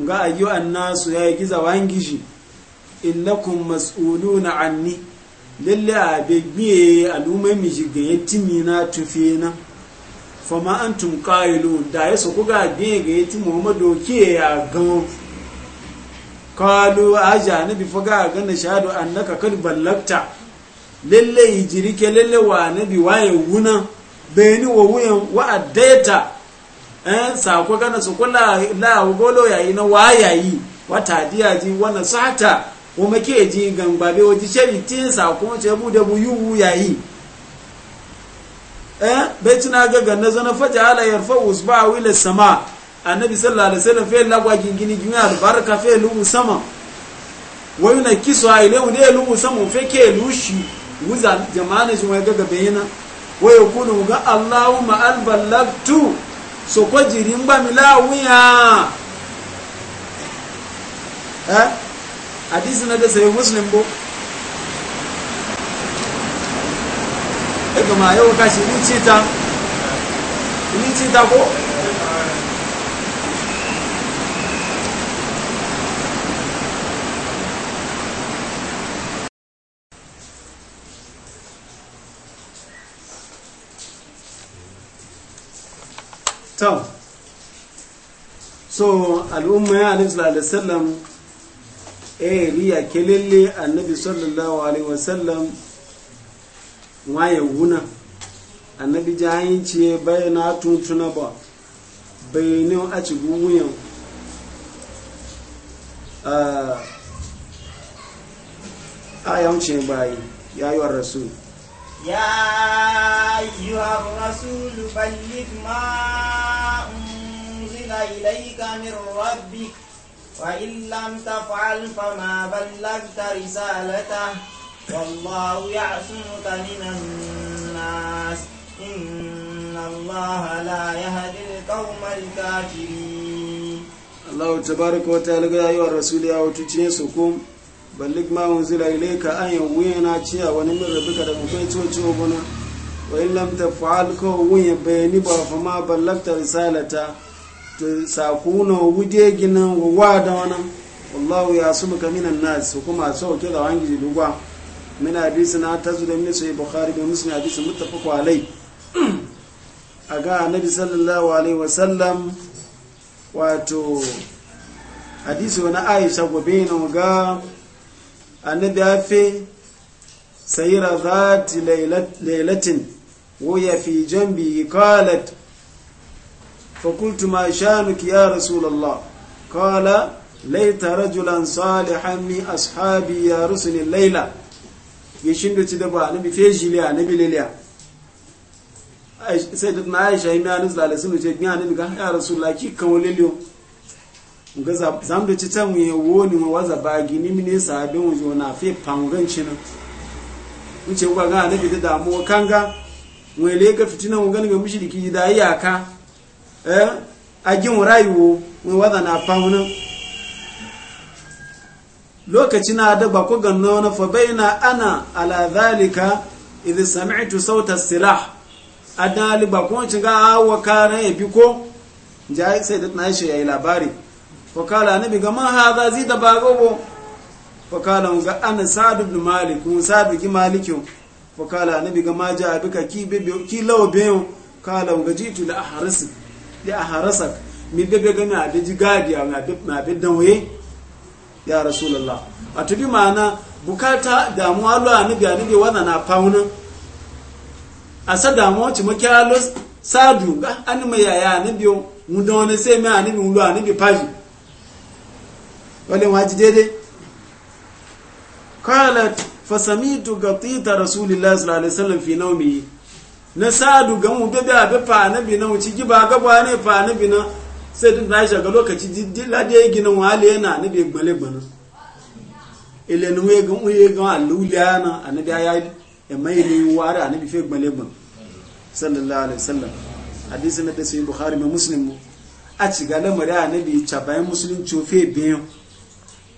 ga ayyu annasu ya yi giza wangiji innakum mas'uluna anni lalle a begbiye al'ummai mi shiga yatimina tufina fama an tun ƙa'ilu da ya suku ga gege ya muhammadu ke ya gan kalu a janibi fa ga shaɗu shahadu annaka kad ballakta lalle yi ke lalle wa nabi waye wuna bayani wa wuyan wa addaita eh sako gana su kula la golo yayi na wayayi wata diyaji wana sata kuma ke ji gan babe waji sharitin sako ce bu da bu yayi eh bai na ga ganna zana faja ala yarfa usba wila sama annabi sallallahu alaihi wasallam fe lagwa gingini gini baraka fe lu sama wayu na kiso a ile unde lugu sama fe ke lushi wuza jama'a shi ga ga bayina wayo kunu ga allahumma albalagtu so ko jiri ngba mi lawiya eh hadisi na da sai muslim bo to ma yau ka shi ni ta ni ta ko tau so al'umma ya alaihi sallallahu alaihi wasallam eh riya kelele annabi sallallahu alaihi wasallam waye wuna annabi jayin ce bai na tuntuna ba bai ne a ci wuyan a yawancin bayi ya yi wa rasul ya yi wa rasul ballik ma unzila ilaika min rabbi wa illam taf'al fama ballagta risalata والله يعصمك من الناس إن الله لا يهدي القوم الكافرين الله تبارك وتعالى يا أيها الرسول يا وتشين سكوم بلغ ما أنزل إليك أن يوينا تشيا ونمر ربك دمكوي توتشو بنا وإن لم تفعل كوين بيني فما بلغت رسالته sakuna wuje ginin wa da wani wallahu ya su muka minan nas kuma so ke da wangi dugwa من حديثنا تزود من سوي بخاري ومسلم حديث متفق عليه أجا النبي صلى الله عليه وسلم واتو حديث وانا عائشة وبين وقا النبي أفي سير ذات ليلة, ليلة وهي في جنبه قالت فقلت ما شانك يا رسول الله قال ليت رجلا صالحا من أصحابي يا رسل الليلة ya shindo ci daba annabi fe jiliya annabi leliya sai da na aisha yi miyanu zalisun ce gina annabi ga ya rasulullah ki kan leliyo ga zam da ci tan ya woni ma waza ba gini mine sahabin wujo na fe pangan ci nan mun ce ga annabi da damuwa kanga wai le ga fitina mun ganin ga mushriki da iyaka eh a gin rayuwa mun waza na pangan lokaci na da ba ku ganna na fa baina ana ala zalika idh sami'tu sauta silah adali ba ku ci ga awa kana ya e bi ko ja sai da na shi yayi labari fa kala nabi ga man hadha zida ba gobo fa kala ga ana sa'd ibn malik ku sa'd ki maliki fa kala nabi ga ma ja bika ki be ki law be kala ga jitu la ahrisak li ahrasak mi bebe ga na be jigadi na be na be danwaye ya rasulallah a tuki ma'ana bukata damuwa lo anibi anibi wadda na fauna a sa damuwa ci makiya lo sadu ga anima yaya anibi mun wunda wani sai mai anibi lo anibi faji wale waji daidai qalat fasamitu tita rasulallah sallallahu alaihi wasallam fi nawmi na sadu ga mu bebe abe fa bi na wuce giba gaba ne fa bi na sai duk Aisha ga lokaci dilla ladi ya gina wale yana na bai gbale gbana ilenu ya we ga uye ga aluliya na anabi ya ya mai ne ware anabi fe gbale gbana sallallahu alaihi wasallam hadisi na tasiri bukhari mai muslim mu a ci ga lamari anabi chabayin muslim cofe biyu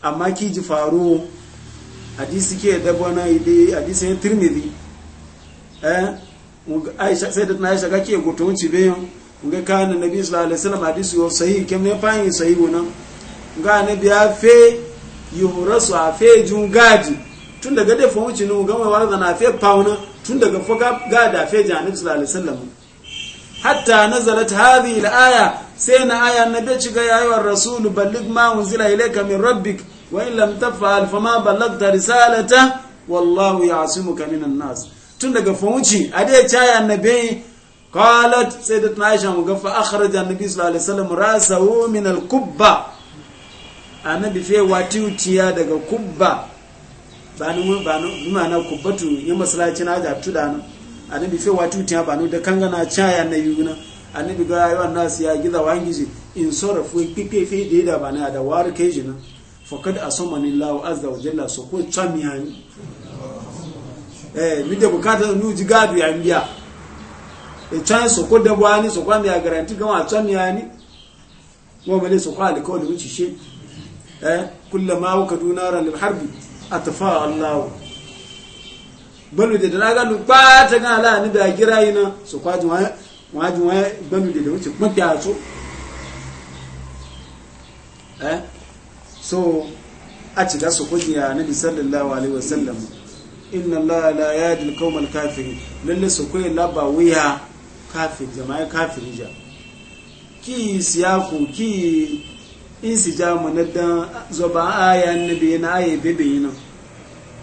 amma ki ji faru hadisi ke da bana ide hadisi ne tirmidhi eh aisha sai da na aisha ga ke gotonci biyu nga kana nabi sallallahu alaihi wasallam hadisi yo sahihi kem ne fayin sahihi wannan nga nabi ya fe yuhrasu a fe jun gaji tun daga da fon wuce no gama wara na fe pauna tun daga fo gada fe janabi sallallahu alaihi wasallam hatta nazalat hadhihi al-aya sai na aya nabi ci ga yayin rasul balligh ma unzila ilayka min rabbik wa in lam taf'al fama ballaghta risalata wallahu ya'simuka minan nas tun daga fon wuce ade caya nabi qalat sayyidatuna aisha mu ga fa akhraja annabi sallallahu alaihi wasallam rasahu min al-kubba annabi fe wati utiya daga kubba banu banu mana kubbatu yi masallaci na ga tudana annabi fe wati utiya banu da kangana chaya na yuna annabi ga ayu annas ya giza wangiji in sarafu kike fe da da bana da war kai jina faqad asama lillahi azza wa jalla so ko chamiyani eh mi da bukata nu ji gadu ya biya e can su ku dabu wani su kwami a garanti gama a can miya ni momale su kwa alikau da wuce shi eh kulla ma wuka duna ran harbi a tafa balu banu da na ganu ba ta ga ala ni da gira yana su kwa ji waya wa ji waya banu da wuce mafiya su eh so a ci da su kujiya na bi sallallahu alaihi wasallam inna allah la yadil qawmal kafirin lalle su kwa labawiya kafir jama'a kafiri ja ki siyaku ki insijamu na dan zoba aya nabi na aya bebe yana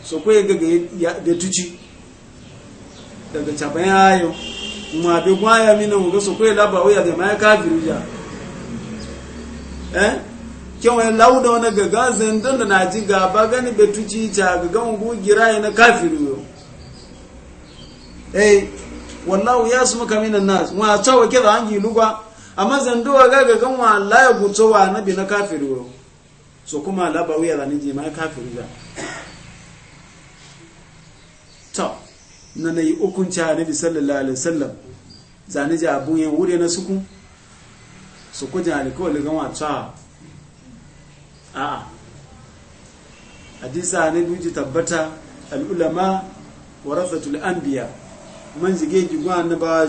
so ko ya gaga ya tuci daga caban ayo ma bi gwaya mina mu ga so ya la ba waya jama'a kafiri ja eh kyan wani lauda wani gaga zandon da na ji gaba gani betuci ta gaga ungu gira na kafiri yo eh wallahu ya su muka minan nas wa ta tawa kida angi lugwa amma zando ga ga gan wallahi ya guto wa nabi na kafiru so kuma la ba wuya da ji ma kafiru da to na nayi hukunci annabi sallallahu alaihi wasallam zani ji abun yan wure na suku su kujin alikawali gan wata a hadisa ne duji tabbata al ulama warathatul anbiya man zige jigun annabawa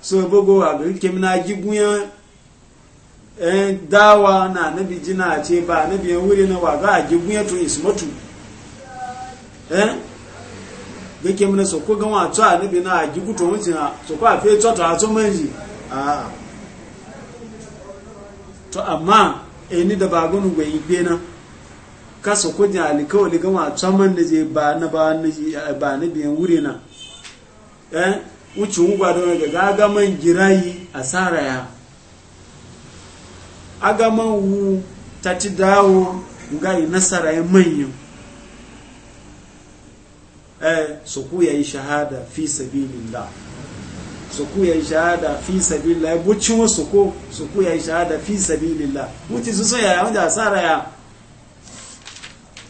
so bugu abu ga kem na ya eh dawa na nabi jina ce ba nabi ya wuri na wa ga gigun ya to ismatu eh ga kem na so ko ga wa to nabi na gigu to mun jina so ko a fe to to a to manji a ah. to amma eni da ba gonu gwe igbe na kaso ko jali kawai ga wa to man da je ba na ba na eh, ba na biyan wuri na eh wucin ugwa don ga gagaman girayi a saraya agaman wu ta ci dawo yi nasara ya manyan eh su ku yayi shahada fi lilla su ku yayi shahada fi ya buci wasu ko su ku yayi shahada fi lilla wuce su so ya wanda a saraya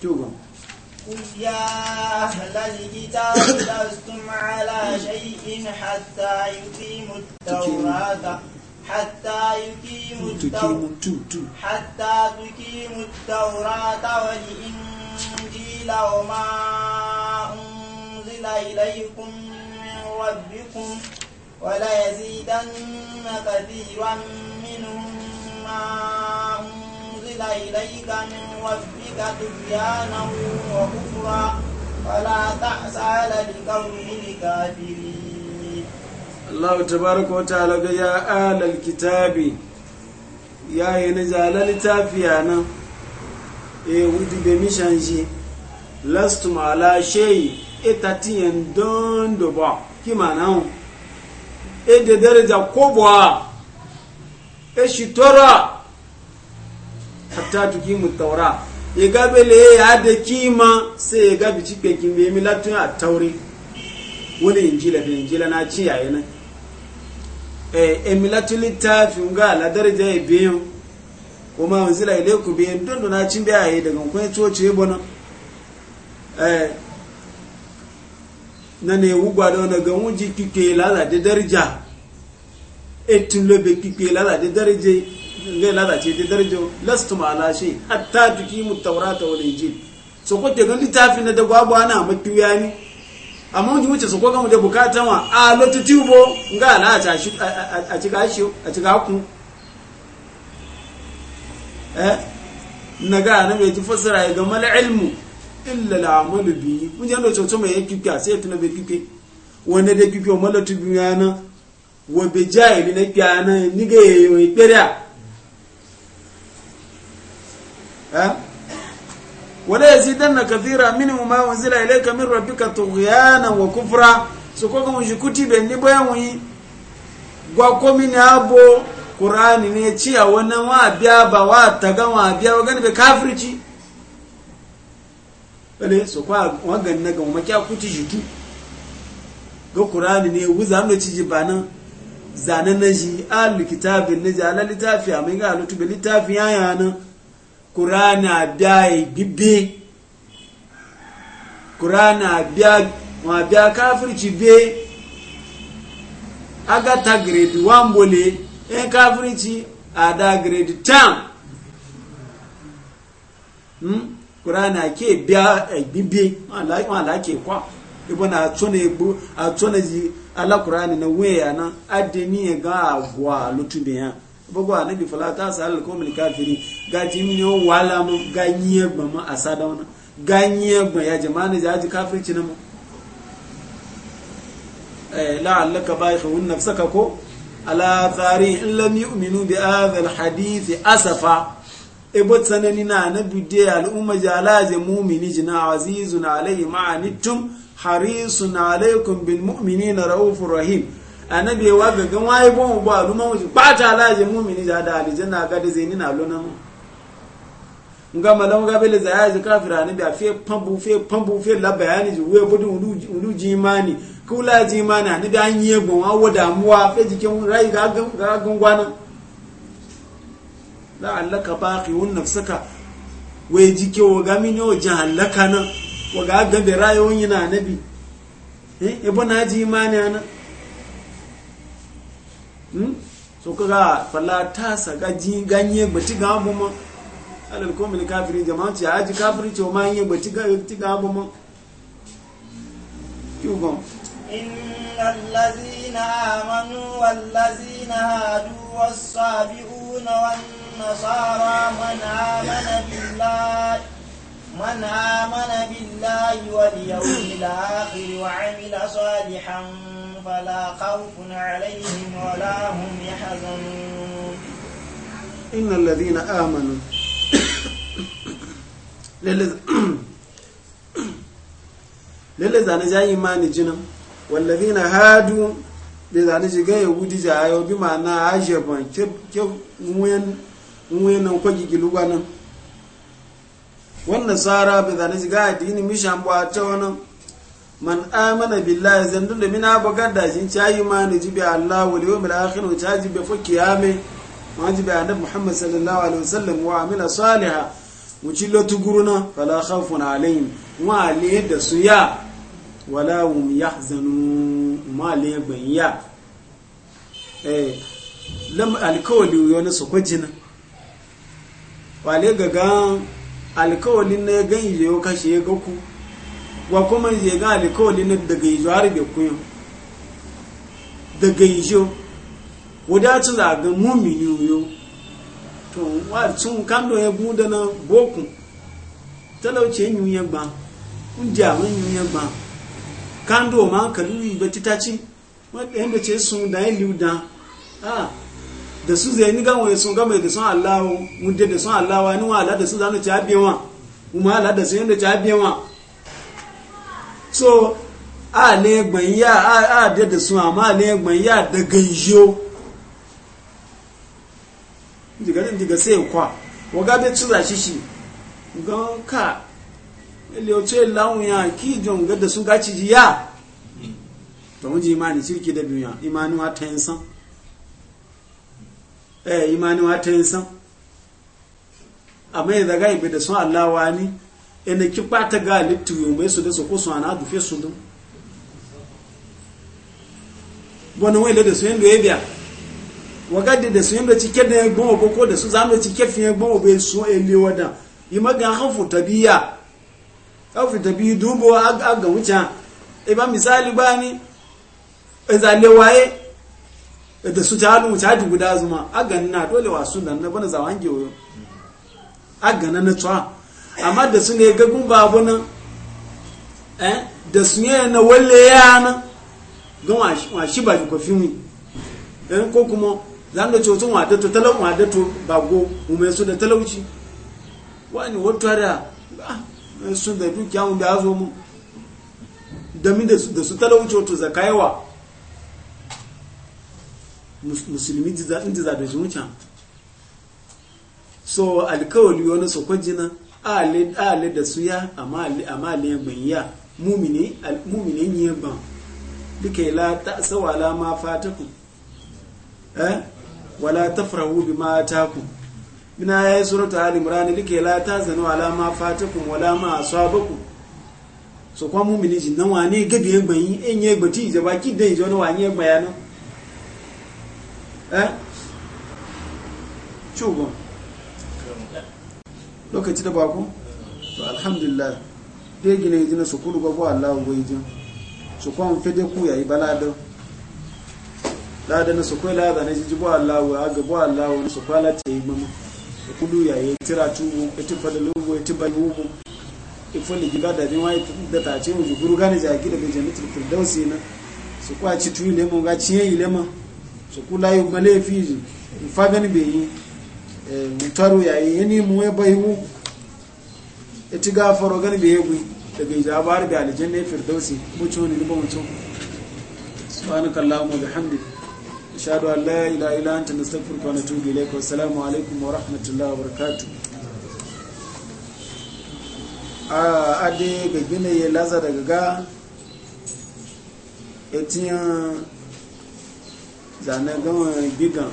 tugon قل يا أهل الكتاب لستم على شيء حتى يقيموا التوراة حتى يقيموا حتى تقيموا التوراة والإنجيل وما أنزل إليكم من ربكم وليزيدن كثيرا منهم ما أنزل أنزل إليك من ربك طغيانا وكفرا فلا تأس على القوم الكافرين الله تبارك وتعالى يا آل الكتاب يا ينزل لتافيانا e بمشانجي be mishanji lastum ala shay etatiyan dondo ba ki mana e de daraja kobwa e shitora hatta tukimu taura ya gabele ya da kima sai ya gabi cikin kimbe ya milatun a taure wani injila da injila na ci yayi nan e milatun littafin ga aladar da ya biyan kuma wanzila ile ku biyan don e, na cin da yayi daga kuma coci ya bana na ne wugba da wani ga wuji kike lalata darja etin lobe kike lalade darje zai lalace da darjo lastu ma ala shi hatta tukimu tawrata wal injil so ko te gani tafi na da na ana matuya ni amma mun ji wuce so ko ga da bukata ma a lotu tubo nga ala ta shi a ciga shi a cika ku eh naga na me ji fasara ga mal ilmu illa al amalu bi mun ji ando coco mai yake sai tuna be kike wanda da kike mallatu bi yana wa be jahili na kiyana ni ga yoyi kiriya wale ya wala yazidanna kathira minhum ma unzila ilayka min rabbika tughyanan wa kufura kufra sokoka mujikuti benni boyamuyi gwakomini abo qur'ani ne ciya wannan wa biya ba wa taga wa biya wa gani kafiri ci wale so kwa wagan na ga makiya kuti jitu ga qur'ani ne wuza mu ci ji bana na ji al kitabin ne ji al litafi amma ga lutu be litafi yana kurani abia igbibi kurani abia wọn abia kafirci be agata grade 1 bole yan kafirci ada grade 10 hmm? kurani ake bia igbibi wọn alake kwa ibo na atona egbo atona ji alakurani na wee ya na adini ga agwa ya bugu a nabi falata sa halal ko mil kafiri ga jimini wala mu ga nyiye gba mu a sada wani ga nyiye gba ya jamani ya ji kafirci na mu la'allaka ba'ihun nafsaka ko ala tsari in lam yu'minu bi hadha alhadith asafa ebo tsanani na na bidiya al'umma jalaje mu'mini jina azizun alayhi ma'anittum harisun alaykum bil mu'minina raufur rahim annabi wa waga gan waye bon ba luma wuce ba ta laje mumini da da aljanna ga da zaini na lona mu nga ma malam ga bele za yaji kafira ne da fe pambu fe pambu fe la bayani ji we budu ulu ji imani kula ji imani ne da an yi gon awo damuwa fe jikin rai ga ga gungwana la'allaka baqi'un nafsaka we jike wo ga min yo jahallaka na wo ga ga be rayon yana nabi eh ebo na ji imani ana Hmm? so kaga falla ta saga ji ganye bati ga mu mu alal komil kafirin jama'a ci aji kafirin ci ma yin bati ga bati ga mu mu yu gon innal ladzina amanu wal ladzina hadu was-sabiuna wan nasara man amana billahi من آمن بالله واليوم الآخر وعمل صالحا فلا خوف عليهم ولا هم يحزنون إن الذين آمنوا lele zane ja imani jinan wallazi na hadu da zane shiga yahudi jayo bi ma'ana ban ke nwuyen muyanan kwagi giluwa nan wannan tsara bai zane shiga addini mishan ba ta wani man amana billahi zandun da mina bugar da shi cayi ma ni jibi Allah wal yawm al akhir wa caji bi fu kiyame ma jibi annab Muhammad sallallahu alaihi wasallam wa amila salihan mu ci lotu guruna fala khawfun alaihim wa ali da su ya wala hum yahzanu ma le ban ya eh lam alkawli yo ne su kwajina wale ga gan alkawlin ne gan yiyo kashe ga ku wa kuma je ga alkawali na daga yi zuwa da kuyo daga yi ijo wadatu za ga ne yiwu to wa cin kando ya guda na boku talauce yin ya gba kun a mun yin ya gba kando ma ka yi ba titaci wadda yadda ce sun da yin liuda a da su zai ni gawo sun gama da sun Allah wadda da sun Allah wa ni wa Allah da su zanu ta biyan wa kuma Allah da su yadda ta abiyawa so a ne gban ya a a da su amma ne gban ya da ganjo diga din diga sai kwa waga be tsuza shi shi gan ka ele o tse lawun ya ki jon ga da sun gaci ji ya to mun ji imani shirki da biya imani wa ta insan eh imani wa ta san amma ya daga ibe da sun Allah wani ene ki pata ga litu mai su da su sun ana dufe wani da su yin doye biya da su yin da cike da gbọn obo ko da su zamu cike fiye gbọn obo su ele wadan yi magan hafu tabiya hafu tabiya dubo aga e ba misali waye da su guda zuma aga na dole wa sunan na bana zawange aga amma da su ne gagun babu nan eh, da su ne na wale yana don wa shi ba ko fi mi dan ko kuma zan da cocin wa dato talau wa dato bago mu su da talauci wani wata da ah, su da dukiya mu da zo mu da mi da su talauci wato zakaiwa musulmi inda za da shi mucan so alkawali wani sokwajina ale da su ya amma ale ban ya mumini mumini ne ban duka yi ta sawala ma fataku eh wala tafrahu bima ataku bina yi suratu ali imran duka la ta zanu ala ma fatakum wala ma asabakum so kwa mumini jin nan wane gabi yan ban yi enye gbati ba ki dai je wani wane bayana eh chugo lokaci da bako to alhamdulillah dai gina yi jina su kulu gabo Allah wa yi jin su kwan fede ku yayi ba lada na su kwai lada na jijibu bo Allah wa aga Allah wa su kwala ta yi mama su kulu yayi tira tubu ita fada lubu ita bai hubu ifon da giba da bin wani da ta ce mu guru gane jaki daga jannatul firdausi na su ci tuyi lemon ga ciye yi lemon su kula yi malefi fa gani bai yi mutaru yi yini mu ya bai hu ita gafaro gani bai yi daga ijabar da aljanna ya firdausi mucu ne ba mucu subhanaka allahumma bihamdik ashhadu an ila ilaha illa anta nastaghfiruka wa tubi ilayka wassalamu alaikum wa rahmatullahi wa barakatu a adi ga gina ya laza daga ga etiyan zane gama gigan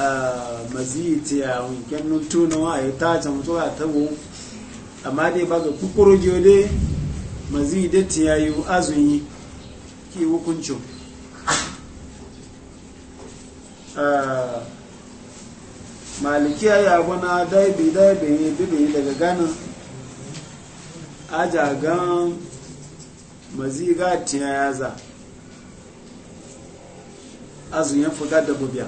Ah, mazi ti a winken no tu wa a ta ta mutu a tabo amma dai ba ga kukuru gyode mazi da ti yi azun yi ki hukuncin ah, malikiya ya gwana daibi daibi bibi daga ganin ajagan maziga tiya yaza azun ya fuka da bubiya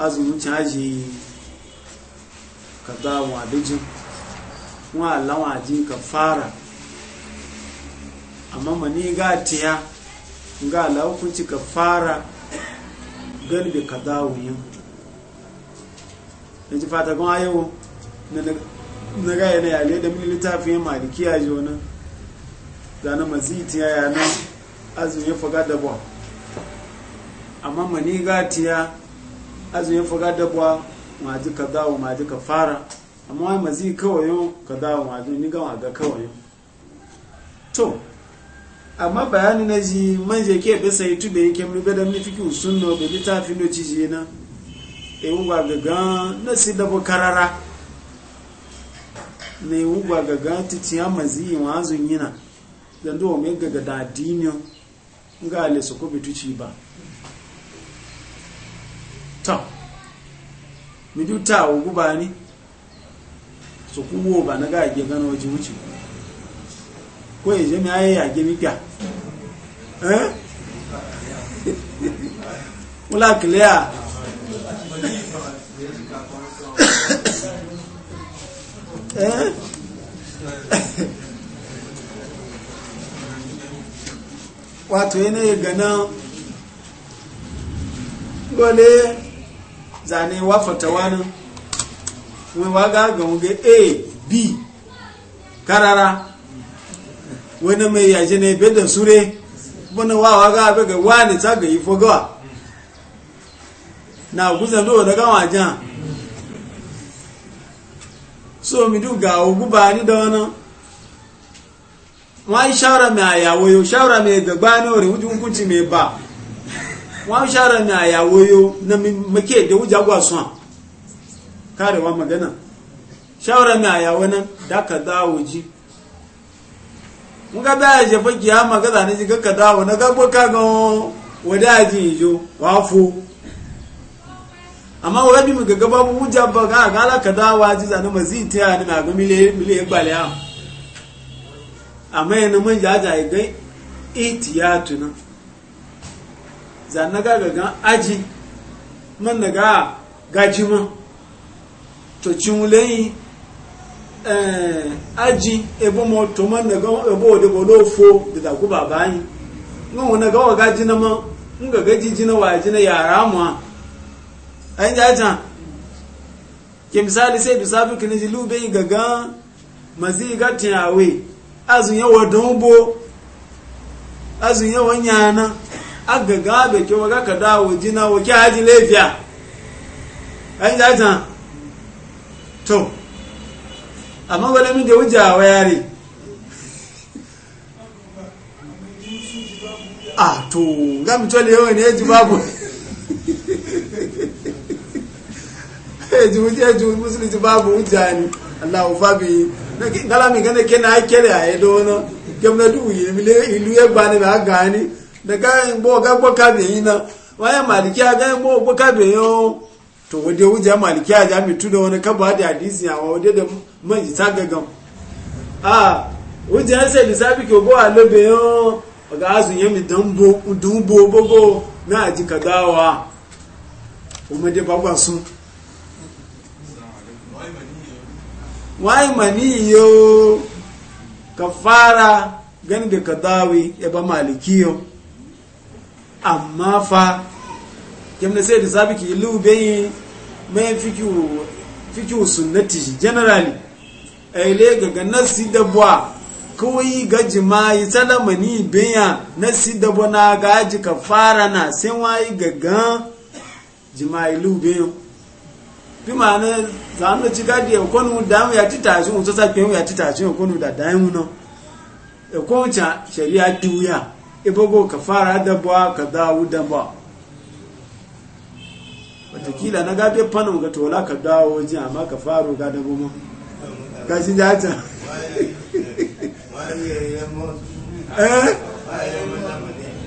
azumin caji za wa bijin wa lawa ji ka fara amma mani ga tiya ga laukunci ka fara galbi kaza wuyin da ji fata kuma yau na ga yana yale da mili littafin ya ya ji wani zana maziti ya yana azumin ya faga da ba amma mani ga tiya azumin ya faga dabwa ma ji ka dawo ma ji ka fara amma wani mazi kawai yau ka dawo ma ji ni gama ga kawai yau to amma bayani na ji man je ke be sai tube yake mun be da mun fiki sunno be bi ta fi no na e wuwa gaga na si da bo karara ne wuwa gaga titi amma zi wa azun yina dan do me gaga da dinyo nga ale su ko ba to midu ta ugu ba ni so kuwo ba na ga ge gano waje wuce ko ya je mi aye ya ge mi pya eh wala *laughs* clear *coughs* eh *coughs* wato yana gole zane wa fata nan wa ga ga mu a b karara wani mai yaje ne bedan sure wani wa wa ga ga wani ta ga yi fogawa na guzan do daga wajen so mi du ga ogu ba ni da wani wani shawara mai àyàwó yóò ṣára mi ẹgbẹ̀gbá ní orí mai ba wa shara na ya wayo na make da wuja gwa son karewa magana shawara na ya wani da ka dawo ji mun ga da je fa kiyama ga zane ji ka dawo na ga ka ga wada ji yi wafo amma wani mu gaga babu wuja ba ga ga la ka dawo ji zane mazi ta ya na ga mile mile a, ya amma yana mun jaja ga itiyatu na zanna ga ga aji man daga gajima to cinwuleyi eh, aji ebo mo to man daga ebo ode bo lo fo da da ku baba yin ngon na ga gaji na ma nga gaji jina wa jina yara mu an jajan ke misali sai du sabu kini ji lube yi gaga mazi ga tiyawe azun yawa don bo azun yawa nyana aga gabe ke waga ka dawo jina wake haji lafiya an jajan to amma wani min da wuja wa yare a *laughs* ah, to ga mutuwar yawan ne ya ji babu *laughs* ya ji musulunci babu wuja ne allahu fabi galami gane kena a edo ilu ba gani da kayan bo ga bo ka bin na wayan maliki a ga bo bo ka bin yo to wode wuja maliki a jami tu da wani kaba da hadisi a wode da man ji ta gagam a wuja sai lisabi ko go a lobe yo ga azu dan bo yemi bo bo bo na aji kadawa kuma dai baba sun wai mani yo kafara gani da kadawi ya ba malikiyo amma fa kemne sai da sabi ki lu bai mai fikiu fikiu sunnati generally ele ga ga nasi dabwa kawai ga jima'i salamani biya nasi dabwa na gaji ka fara na sai wai ga ga jima'i lu bayi bi ma na zanu ci gadi e konu damu ya ci shi mun so sa pe ya tita shi konu da damu no e ko cha sheria duya ibogo ka fara dabuwa ka dawo da watakila na gabe fana ga tola ka dawo waje amma ka faro ga dabo ma ga shi da ta eh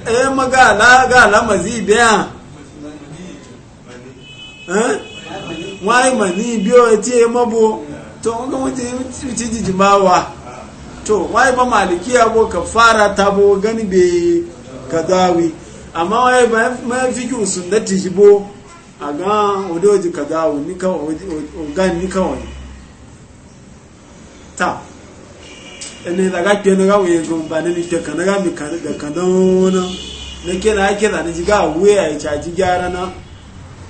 eh la ga mazi biya eh wai mani biyo ti e mabo to ga ti wuce ma wa to wai ba malikiya bo kafara ta bo gani be kadawi amma wai ba ma fiki da jibo a ga odoji kadawi ni ka ogan ni ka wani ta ene da ga ke na ga we go ba ne ni ke kana ga mi kana ga kana na ne ke na ke da ni ga we ai cha ji gyara na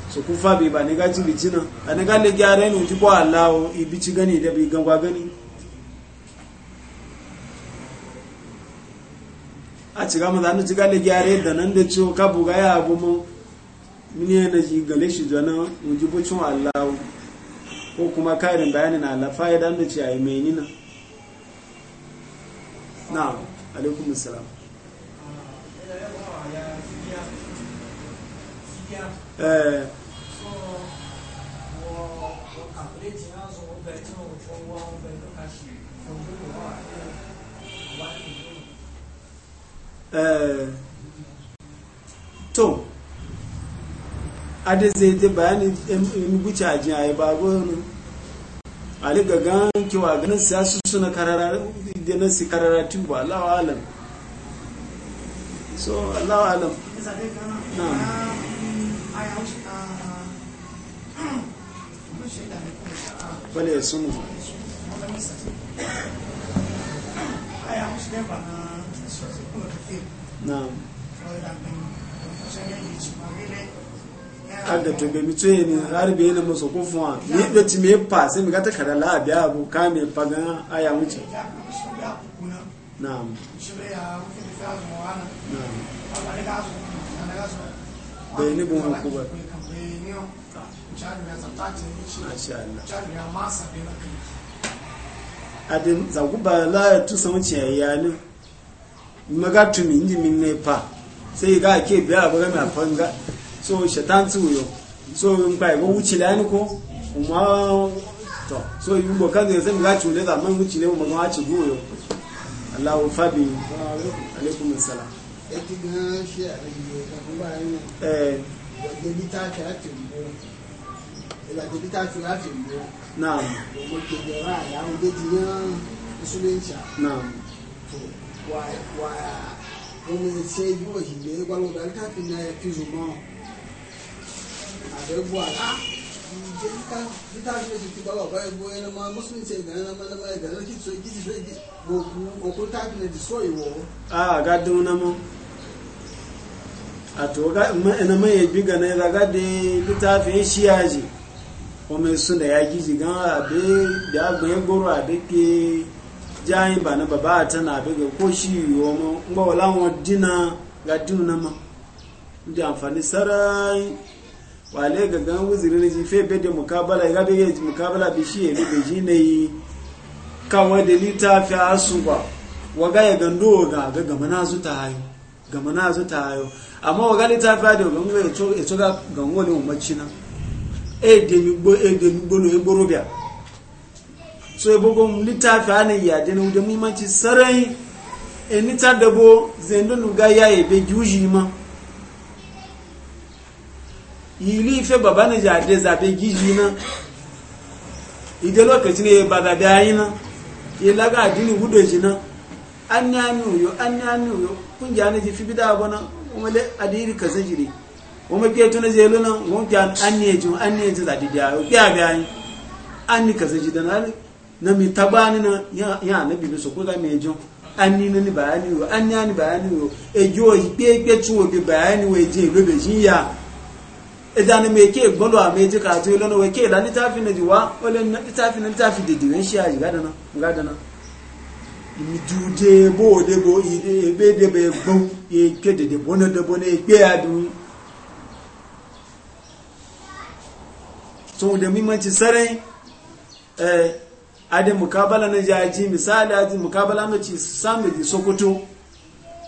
so ku fa bi ba ne ga ji bi jina ne ga le gyara ni ji bo Allah ibi ci gani da bi gangwa gani a ci gama zanen ci gane gyare da nan da ciwo ka buga ya abu mu mini yana ji gale shi jana mu ji bucin allahu ko kuma karin bayani bayanin allah fa'idan da ci a yi mai nina na alaikum assalam eh Eh, to a da zai ta bayani in guci a jiya ya babu wani aliga gagan kewa ganin siyasu suna karara da nan si karara tu ba allawa alam so allawa alam wale ya sunu a yawon shi ne ba na na'am kada to ga mito ne har bai na musu kufuwa ni da ci me fa sai mi gata kada la biya bu ka me faga aya wuce na'am bai ni bun ku ba adin zaguba la magatumi inji min pa sai ga ke biya ba ga fanga so shaitan tsuyo so in ba go wuce lani ko kuma to so yi go kan zai ga cule da man wuce ne mu ga ci goyo Allahu fabi alaikum assalam etigan shi a ba eh ta ta ìgbàgbẹ́bítà fi láti ìgbò. Náà. Òmò kejì ọ̀rá àyà òdé ti yán ìsúlé ìṣà. Náà. wa wa ohun ṣe ibi òyìnbó gbọ́dọ̀ káfí náà ẹ fi rùmọ́ àbẹ̀gbọ́ àlá ìjẹ́ níta fi oṣù ti gbọ́dọ̀ bá ẹgbẹ́ ẹni máa mọ́sùlùmí ṣe ìgbà ẹni máa ẹgbẹ́ ẹni kí tó jí ìgbẹ́ ìgbẹ́ gbogbo òkú káfí náà ti sọ ìwọ̀. a ga dun na mo a to ga ina mai yabi ga naira ga da littafin shi yaji kuma sun da ya gizi abe da agbayin goro abe ke jayi ba na baba ta na bi ko shi yiwo ma ba wala wa dina ga dina ma da amfani sarai le ga gan wuzirin ji fe bede da mukabala ga be mukabala bi shi ne be ji ne kawa da fi asu ba ga ya gando ga ga ga na zu ta hayo ga mana zu ta hayo amma waga litafi da gan ga ngwe to ya to ga gan wani mu macina e de mi gbo e de mi gbo no e gboro so ibogon littafi yi yadda na wujen muhimmanci sarai eni ta dabo zendonu ga ya ebe juji ma yili ife baba na jade zabe giji na idelo lokaci ne ba da yi na yi laga adini wudo ji na an ya nuyo an ya nuyo kun ji ana ji fi bida abona kuma da adiri ka zajire kuma ke tuna zai luna kun ja an ne ji an ne ji zadi da yi an ni ka zaji da na na mi tabani na ya anabi bi so ko ga mi ejo ani na ni bayani yo ani ani bayani yo ejo ipe ipe tu obi bayani we je lo be yin ya edani me ke gbolo ameje ka to lona we ke da ni tafi na diwa ole na ni tafi na ni tafi de diwen shi aji gada na gada na mi jude bo de bo ide ebe de be gbon ye ke de de bona de bo ne? pe adu so de mi ma ti sare eh ade mukabala na jaji misali aji mukabala na ci sami di sokoto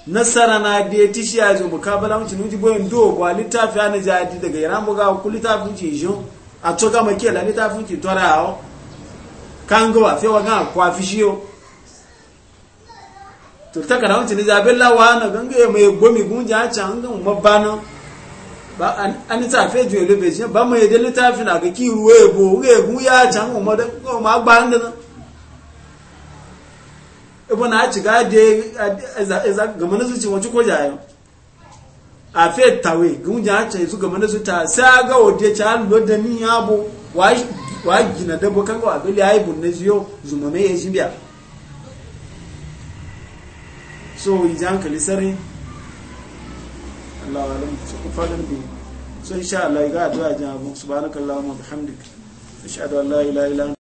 nasara na de tishi aji mukabala mu ci nuji boye ndo kwa litafi na jaji daga yaran buga ku litafi ci jo a to ga make la litafi ci tora ao kango wa fi wa ga kwa fishiyo to ta kana mu ci ni jabella wa na ganga mai gomi gunja can ga mabana ba an ta fe ju ele beje ba mo ede le ta fi na ki ru ebo ru egun ya chan o mo de o ma gba nde na ebo na ti ga de eza eza gamana su ti mo ko ja yo a fe tawe gun ja cha su gamana su ta sa ga de cha lo de ni abo wa wa gina de bo kan ga abele ai bun ne yo zuma me ye jibia so jan ijan sare Allah wa alam su kufa bi so insha Allah ga addu'a jama'a subhanakallahumma ashhadu an la ilaha illa